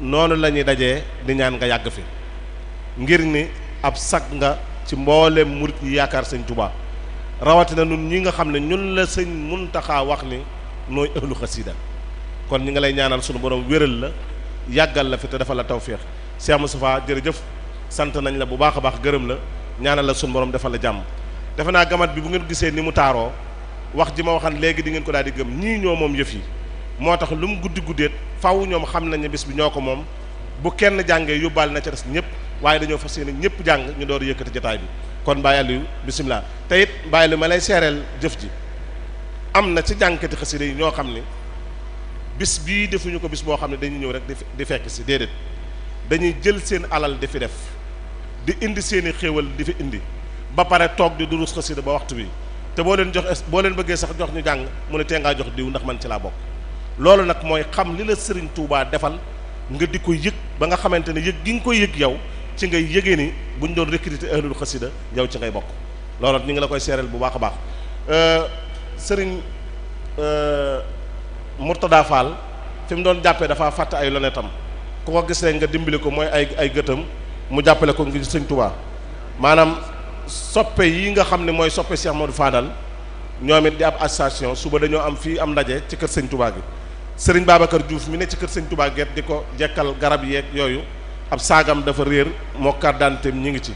noonu la ñuy dajee di ñaan nga yàgg fi ngir ni ab sag nga ci mboolem murit yi yaakaar sëñ Touba rawatina nun ñi nga xam ne ñun la sëñ Muntaxa wax ni nooy ëllu xasida kon ñi nga lay ñaanal sunu borom wéral la yàggal la fi te dafa la tawféex Cheikh Moustapha jërëjëf sant nañ la bu baax a baax gërëm la ñaanal la sunu borom dafa la jàmm defe naa gamat bi bu ngeen gisee ni mu taaroo wax ji ma waxan léegi di ngeen ko daal di gëm ñii ñoo moom yëf yi moo tax lu mu guddi guddeet faw ñoom xam nañ ne bis bi ñoo ko moom bu kenn jàngee yóbbaale na ca des ñëpp waaye dañoo fas yéene ñëpp jàng ñu door yëkkati jotaay bi kon Baye Aliou bisimilah te it Baye Aliou ma lay seereel jëf ji am na ci jànkati xasida yi ñoo xam ni bis bii defuñu ko bis boo xam ne dañuy ñëw rek di fekk si déedéet dañuy jël seen alal di fi def di indi seen i xéewal di fi indi ba pare toog di durus xasida ba waxtu bi te boo leen jox boo leen bëggee sax jox ñu jàng mu ne tee jox diw ndax man ci laa bokk loolu nag mooy xam li la Serigne tuubaa defal nga di ko yëg ba nga xamante ne yëg gi nga koy yëg yow ci ngay yëgee ni bu ñu doon recruter ahlul xasida yow ci ngay bokk looloo ñu ngi la koy seereel bu baax a baax euh, Serigne euh, Mourtada Fall fi mu doon jàppee dafa fàtte ay lonetam ku ko gisee nga dimbali ko mooy ay ay gëtam mu jàppale ko ngir Serigne Touba maanaam soppe yi nga xam ne mooy soppe Cheikh Modou Fadal ñoom it di ab association suba dañoo am fii am ndaje ci kër Serigne Touba gi. sëriñ Babacar Diouf mi ne ci kër sëñ Touba di ko jekkal garab yeeg yooyu ab saagam dafa réer moo carte d'identité ñi ngi ci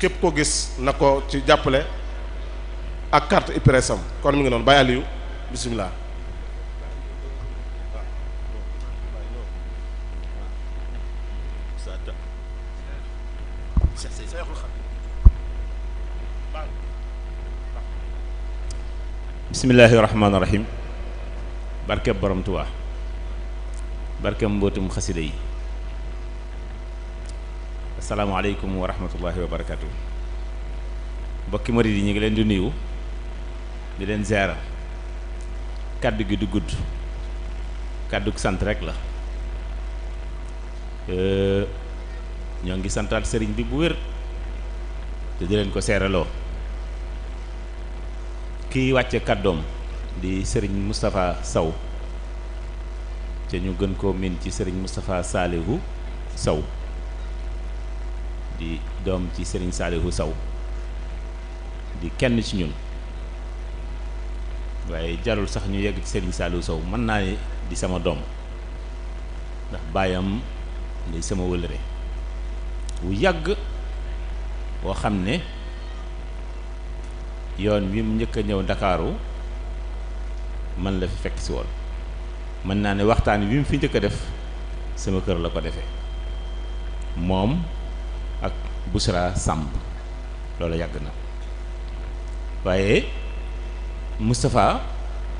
képp ko gis na ko ci jàppale ak carte IPRES am kon mi ngi noonu Baye Aliou bisimilah. bismillahi rahmaani rahim. barkeb borom Tuubaa barkeb mbootum xasida yi asalaamaaleykum wa rahmatullahi wa barakatu mbokki murid yi ñu ngi leen du nuyu di leen ziara kàddu gi du gudd kàddug sant rek la ñoo ngi santaat sëriñ bi bu wér te di leen ko seeraloo kiy wàcce kàddoom di sëriñ Moustapha saw te ñu gën koo min ci sëriñ Moustapha Saalihu saw di doom ci sëriñ Saalihu Sow di kenn ci ñun waaye jarul sax ñu yegg ci sëriñ Saalihu Sow mën naa di sama doom ndax baayam di sama wëlëre wu yàgg woo xam ne yoon wi mu njëkk a ñëw Ndakaaru man la fi fekk si woon mën naa ne waxtaan wi mu fi njëkk a def sama kër la ko defe moom ak Bouchra Samb loolu yàgg na waaye mustafaa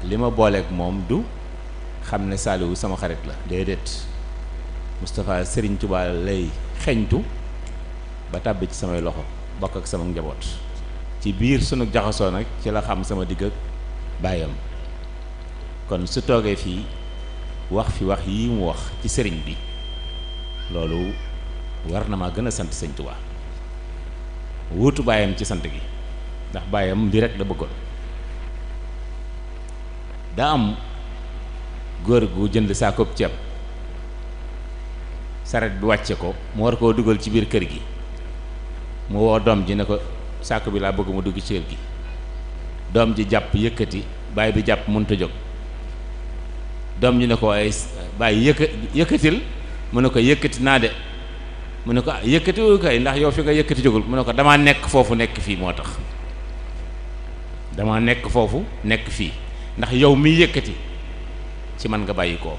li ma booleek moom du xam ne Saliou sama xarit la déedéet Moustapha Serigne Touba lay xeeñtu ba tàbbi ci samay loxo bokk ak sama njaboot ci biir sunu jaxasoo nag ci la xam sama digg ak baayam kon su toogee fii wax fi wax yi mu wax ci sëriñ bi loolu war na maa gën a sant sëñ Tuubaa baayam ci sant gi ndax baayam bi rek la bëggoon daa am góor gu jënd saakoob ceeb saret bi wàcce ko mu war koo dugal ci biir kër gi mu woo doom ji ne ko saako bi laa bëgguma dugg ci kër gi doom ji jàpp yëkkati baay bi jàpp mënta jóg doom ñu ne ko ay bàyyi yëkka yëkkatil mu ne ko yëkkati naa de mu ne ko ah, yëkkatiwul kay ndax yow fi nga yëkkati jógul mu ne ko damaa nekk foofu nekk fii moo tax damaa nekk foofu nekk fii ndax yow mi yëkkati ci man nga bàyyi koo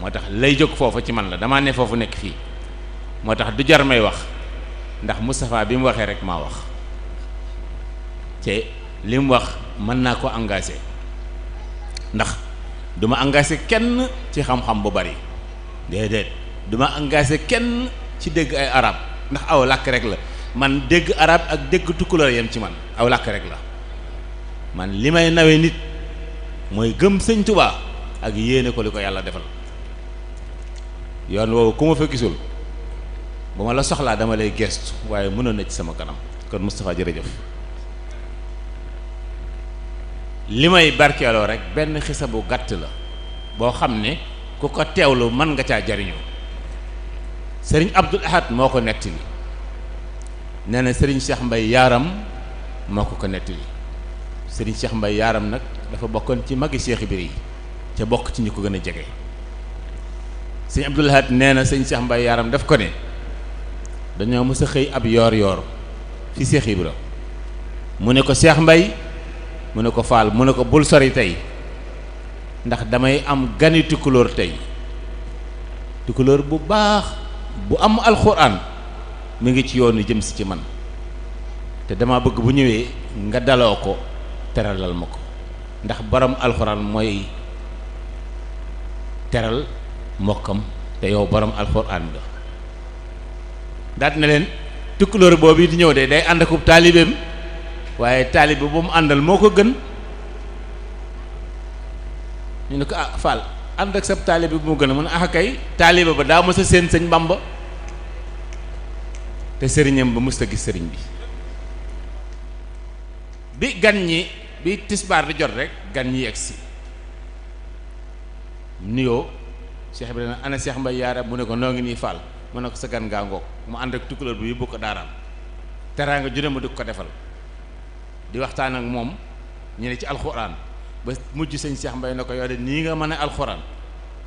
moo tax lay jóg foofa ci man la damaa ne foofu nekk fii moo tax du jar may wax ndax Moustapha bi mu waxee rek maa wax te li wax mën naa ko engagé ndax duma ma kenn ci xam-xam bu bari déedéet duma ma engagé kenn ci dégg ay arab ndax aw làkk rek la man dégg arab ak dégg tukkulóor yem ci man aw làkk rek la man li may nawe nit mooy gëm sëñ tubaa ak yéene ko li ko yàlla defal yoon woowu ku ma fa gisul bu ma la soxlaa dama lay gestu waaye mënoon na ci sama kanam kon Moustapha jërëjëf li may barkeeloo rek benn xisa bu gàtt la boo xam ne ku ko teewlu mën nga caa jariñoo sëriñ Abdul Ahad moo ko nettali nee na sëriñ Cheikh Mbay Yaaram moo ko ko nettali sëriñ seex Mbay Yaaram nag dafa bokkoon ci magi Cheikh Ibra yi ca bokk ci ñu ko gën a jege sëriñ Abdul Ahad nee na sëriñ seex Mbay Yaaram daf ko ne dañoo mës a xëy ab yoor yoor fi Cheikh Ibra mu ne ko Cheikh Mbay mu ne ko faal mu ne ko bul sori tey ndax damay am gani tukkulóor tey tukkulóor bu baax bu am alxuraan mu ngi ci yoonu jëm si ci man te dama bëgg bu ñëwee nga daloo ko teralal ma ko ndax borom alxuraan mooy teral mbokkam te yow borom alxuraan nga daat na leen tukkulóor boobu di ñëw de day ànd akub taalibeem waaye taalibe bu mu àndal moo ko gën ñu ne ko ah Fall ànd ak sab taalibe bu mu gën a mun ah kay taalibe ba daa mos a seen sëñ Bamba te sëriñam ba mos gis sëriñ bi bi gan ñi bi tisbaar di jot rek gan ñi yegg si nuyoo Cheikh bi dana ana Cheikh Mbaye yaara mu ne ko noo ngi nii Fall mu ne ko sa gan ngaa ngoog mu ànd ak tukkuleur bi yóbbu ko daaraam teraanga junne mu di ko defal. di waxtaan ak moom ñu ne ci alxuraan ba mujj sëñ Cheikh Mbaye na ko yow de nii nga mën ne alxuraan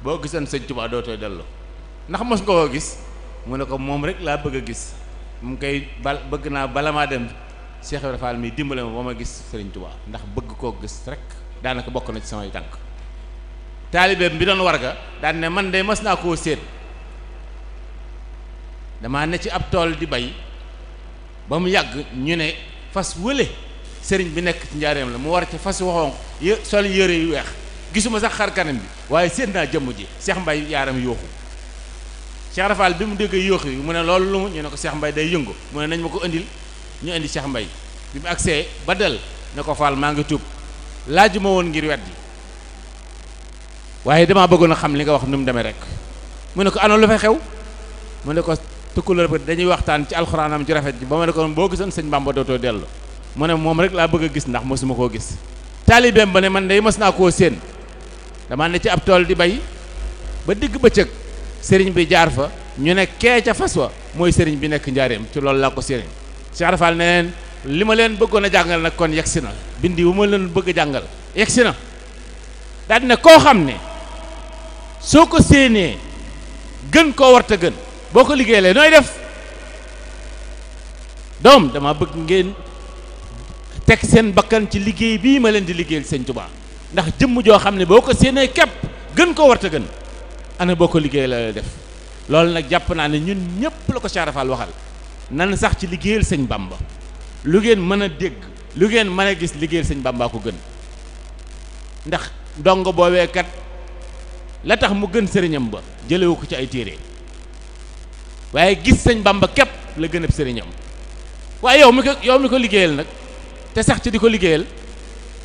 boo gisoon sëñ Tuubaa dootee dellu ndax mos nga koo gis mu ne ko moom rek laa bëgg a gis mu koy bal bëgg naa bala maa dem Cheikh Ibrahima Fall mi dimbale ma ba ma gis sëriñ Tuubaa ndax bëgg koo gis rek daanaka bokk na ci samay tànk taalibeem bi doon warga daan ne man de mas naa koo séet damaa ne ci ab tool di bay ba mu yàgg ñu ne fas wële sëriñ bi nekk ci njaareem la mu war ci fas waxoon sol yére yu weex gisuma sax xar kanam bi waaye séen naa jëmm ji Cheikh Mbaye yaaram yooxu Cheikh Rafal bi mu dégg yooxu yi mu ne loolu lu ñu ne ko Cheikh mbay day yëngu mu ne nañ ma ko indil ñu indi Cheikh Mbaye bi mu agsee ba dal ne ko Fall maa ngi tuub laajuma woon ngir weddi waaye damaa bëggoon a xam li nga wax nu mu demee rek mu ne ko ana lu fa xew mu ne ko tukkulóor ba dañuy waxtaan ci alxuraanam ci rafet ji ba ma ne ko boo gisoon sëñ Bamba dootoo dellu mu ne moom rek laa bëgg a gis ndax mosuma koo gis taalibeem ba ne man day mos naa koo séen dama ne ci ab tool di bay ba digg bëccëg sëriñ bi jaar fa ñu ne kee ca fas wa mooy sëriñ bi nekk njaareem ci loolu laa ko sëriñ Cheikh Rafal ne leen li ma leen bëggoon a jàngal nag kon yegsi na bindi wu ma leen bëgg a jàngal yegsi na daal ne koo xam ne soo ko séenee gën koo war gën boo ko liggéeyee nooy def doom dama bëgg ngeen teg seen bakkan ci liggéey bii ma leen di liggéeyal sëñ Tuubaa ndax jëmm joo xam ne boo ko séenee képp gën koo warta gën ana boo ko liggéey la def loolu nag jàpp naa ne ñun ñëpp la ko caarafal waxal nan sax ci liggéeyal sëñ Bamba lu ngeen mën a dégg lu ngeen mën a gis liggéeyal sëñ Bamba ko gën ndax dongo boobee kat la tax mu gën sëriñam ba jëlewu ko ci ay téere waaye gis sëñ Bamba képp la gën ab sëriñam waaye yow mi ko yow mi ko liggéeyal nag te sax ci di ko liggéeyal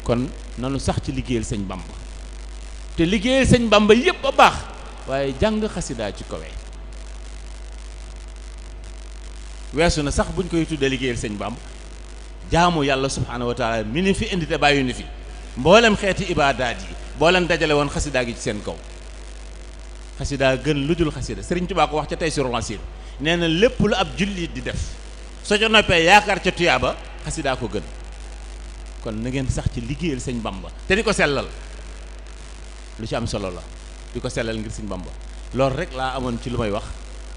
kon nanu sax ci liggéeyal sëñ bamba te liggéeyal sëñ bamba yépp a baax waaye jàng xasidaa ci kawe weesu na sax buñ koy tuddee liggéeyal sëñ bamba jaamu yàlla subhaanahu wa taala mi ni fi indi te bàyyi ni fi mboolem xeeti ibaadaat yi boo leen dajale woon xasidaa gi ci seen kaw xasidaa gën lu dul xasida sëriñ Tuubaa ko wax ca tey sur nee na lépp lu ab jullit di def soo ca noppee yaakaar ca tuyaaba xasidaa ko gën kon na ngeen sax ci liggéeyal sëñ bamba te di ko sellal lu ci am solo la di ko sellal ngir sëñ bamba loolu rek laa amoon ci lu may wax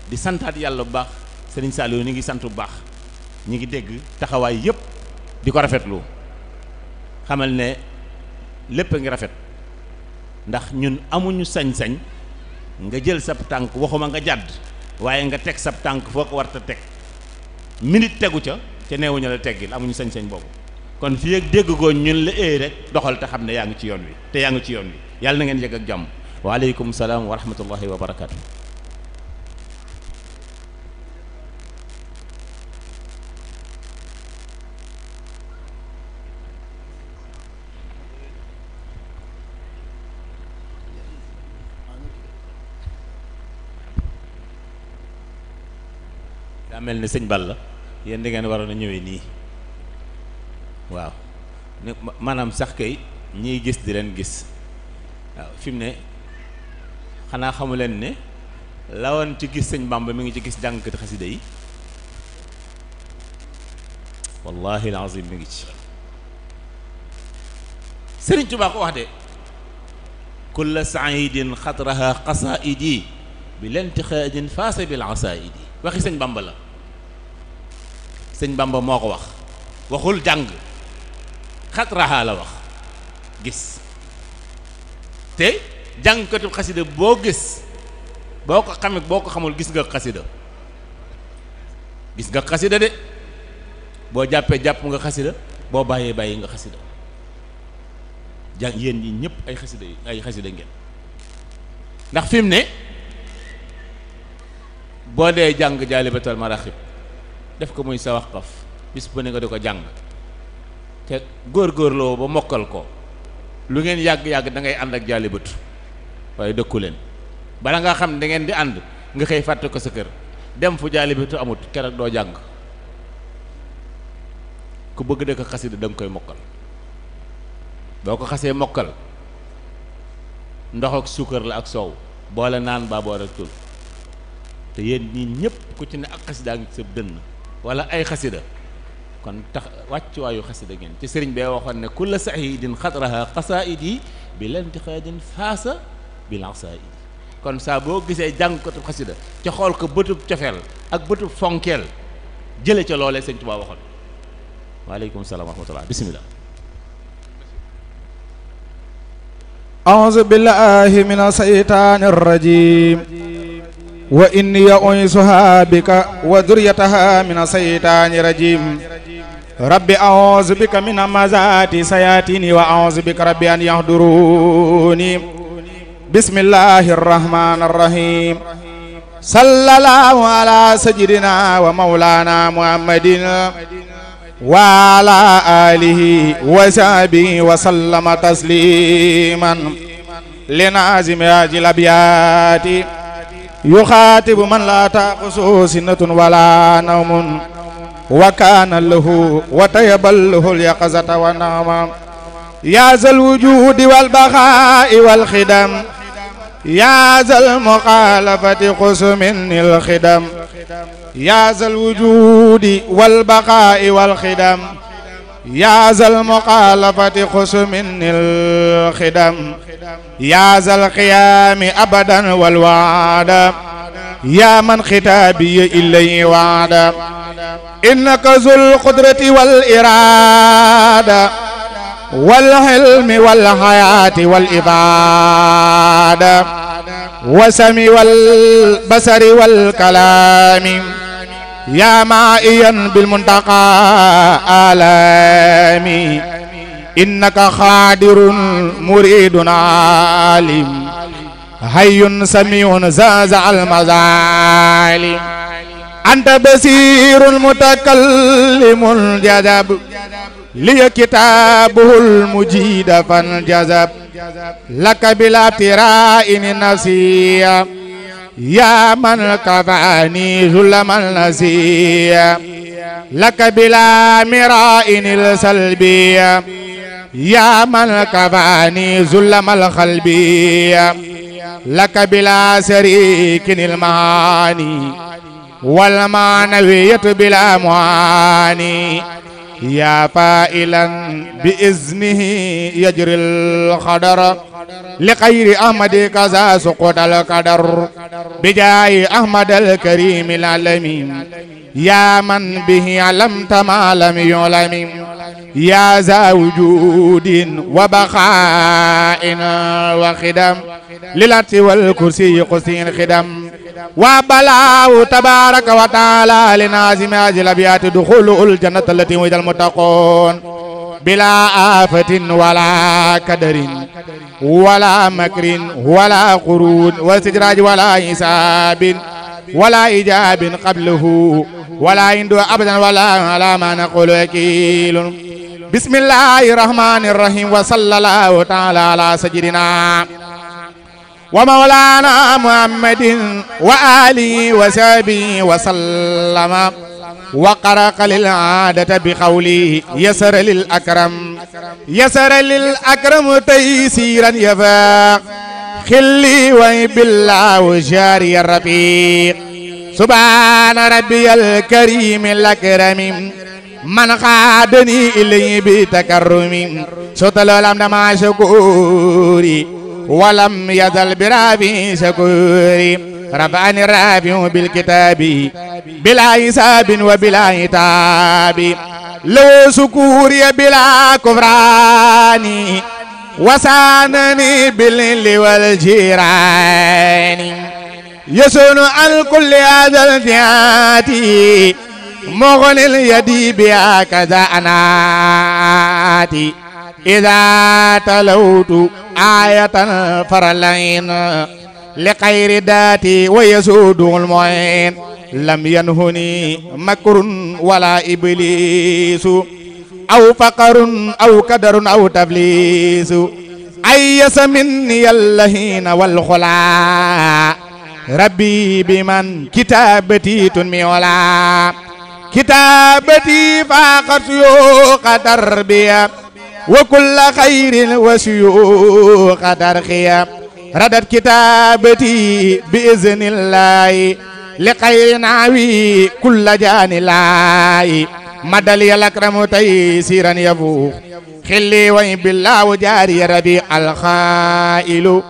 di santaat yàlla bu baax sëriñ Saliou ñu ngi sant bu baax ñu ngi dégg taxawaay yëpp di ko rafetlu xamal ne lépp a ngi rafet ndax ñun amuñu sañ-sañ nga jël sab tànk waxuma nga jàdd waaye nga teg sab tànk foo ko war teg minute tegu ca ca neewuñu la teggil amuñu sañ-sañ boobu kon fii ak dégg ko ñun la eey rek doxal te xam ne yaa ngi ci yoon wi te yaa ngi ci yoon wi yàlla na ngeen yegg ak jàmm waaleykum salaam wa rahmatullahi wa barakaatu. daa mel ni sëñ Balla yéen da ngeen waroon a ñëwe nii. waaw ne maanaam sax kay ñiy gis di leen gis waaw fi mu ne xanaa xamu leen ne lawoon ci gis sëñ Bamba mi ngi ci gis jàngkat xasida yi wallahi alazim mi ngi ci sëriñ Tuubaa ko wax de kulla saidin xatraha qasaidi bi lentixaajin faase bil asaidi waxi sëñ Bamba la sëñ Bamba moo ko wax waxul jàng xatraha la wax gis te jàngkatu xasida boo gis boo ko xamee boo ko xamul gis nga xasida gis nga xasida de boo jàppee jàpp nga xasida boo bàyyee bàyyi nga xasida jàng yéen ñi ñëpp ay xasida ay xasida ngeen ndax fi mu ne boo dee jàng jaalibatal maraaxib def ko muy sa wax xaf bis bu ne nga di ko jàng te góorgóorloo ba mokkal ko lu ngeen yàgg-yàgg dangay ànd ak jaali bët waaye dëkku leen bala ngaa xam ne dangeen di ànd nga xëy fàtte ko sa kër dem fu jaali bët amut keroog doo jàng ku bëgg de ko xasida da nga koy mokkal boo ko xasee mokkal ndox ak suukar la ak soow boole naan baaboor ak tul te yéen ñii ñëpp ku ci ne ak xasida ngi sa dënn wala ay xasida kon tax wàccuwaayu xasida ngeen ci sëriñ bee waxoon ne kulla saidin xatraha xasaidi bi lantixaadin faasa bi lansaidi kon saa boo gisee jàngkatu xasida ca xool ko bëtub cofeel ak bëtub fonkeel jële ci loolee sëñ Tuubaa waxoon waaleykum salaam wa rahmatullah wa inni ya unsuha bika wa duriyataha min asaytaani rajim rabbi a'uuzu bika min amazaati sayaatini wa a'uuzu bika rabbi an yahduruni bismillahi arrahmani arrahim sallallahu ala sayyidina wa mawlana muhammadin wa ala alihi wa sahbihi wa sallama tasliman li naazimi ajil abyaati yuxaatibu man laa taaxusu sinatun wala nawmun wa kaana lahu wa tayabal lahu lyaqazata wa naama yaa zal wujuudi walbaxaai walxidam yaa zal muxaalafati xusumin ilxidam yaa zal wujuudi walbaxaai walxidam يا ذا المخالفة خصم الخدم يا ذا القيام أبدا والوعد يا من خطابي إليه وعد إنك ذو القدرة والإرادة والحلم والحياة والإبادة وسمي والبصر والكلام يا مائيا بالمنتقى آلامي إنك خادر مريد عالم حي سميع زازع المظالم أنت بصير المتكلم الجذب لي كتابه المجيد فانجذب لك بلا تراء نسيا يا من كفاني ظلم النسي لك بلا مراء السلبي يا من كفاني ظلم الخلبي لك بلا شريك المعاني والمعنوية بلا معاني yaa faailan bi iznihi yajril xadar li xayri ahmadi kaza suqutal kadar bi jaayi ahmadal karimil alamin yaa man bihi alamta ma lam yulamin yaa za wujudin wa baqaa'in wa xidam lilati wal kursi qusin xidam وبلاه تبارك وتعالى لنازم هذه الابيات دخول الجنه التي وعد المتقون بلا آفة ولا كدر ولا مكر ولا قرود واستدراج ولا حساب ولا إجاب قبله ولا عند أبدا ولا على ما نقول وكيل بسم الله الرحمن الرحيم وصلى الله تعالى على سيدنا ومولانا محمد وآله وصحبه وسلم وقرق للعادة بقوله يسر للأكرم يسر للأكرم تيسيرا يفاق خلي وهب الله جاري الرفيق سبحان ربي الكريم الأكرم من خادني إليه بتكرم سطل الأمد مع شكوري ولم يزل برابي شكوري رفعني الرابع بالكتاب بلا حساب وبلا عتاب لو سكوري بلا كفران وسانني بالليل والجيران يسون عن كل هذا الفئات مغني اليد بهكذا أناتي إذا تلوت آية فرلين لغير ذاتي ويسود المعين لم ينهني مكر ولا إبليس أو فقر أو كدر أو تبليس أيس مني اللهين والخلاء ربي بمن كتابتي تنمي ولا كتابتي فاقت يوق تربيه وكل خير وسيوخ درخيا ردت كتابتي بإذن الله لخير ناوي كل جان الله مدلي الأكرم تيسيرا يفوق خلي وإن بالله جاري ربي الخائل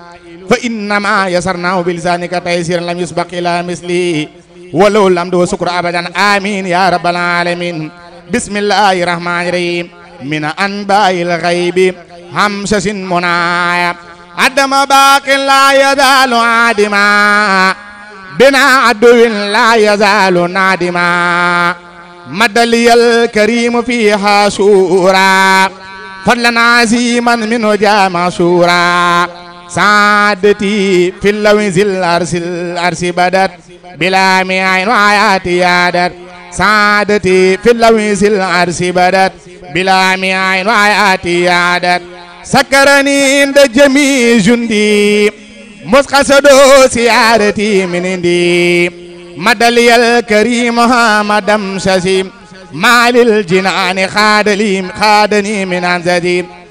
فإنما يسرناه بلسانك تيسيرا لم يسبق إلى مثله ولو لم سكر أبدا آمين يا رب العالمين بسم الله الرحمن الرحيم من أنباء الغيب همسس منايا عدم باق لا يزال عادما بنا عدو لا يزال نادما مد لي الكريم فيها سورا فضلا عزيما منه جاء منصورا سعادتي في اللوز الأرس الأرس بدت بلا معين وآياتي عادت saadati fi lawisil arsi badat bila mi ayn wa ayati sakarani inda jami jundi musqasado siyaarati min indi madaliyal karim madam sasi maalil jinaani xaadani min anzati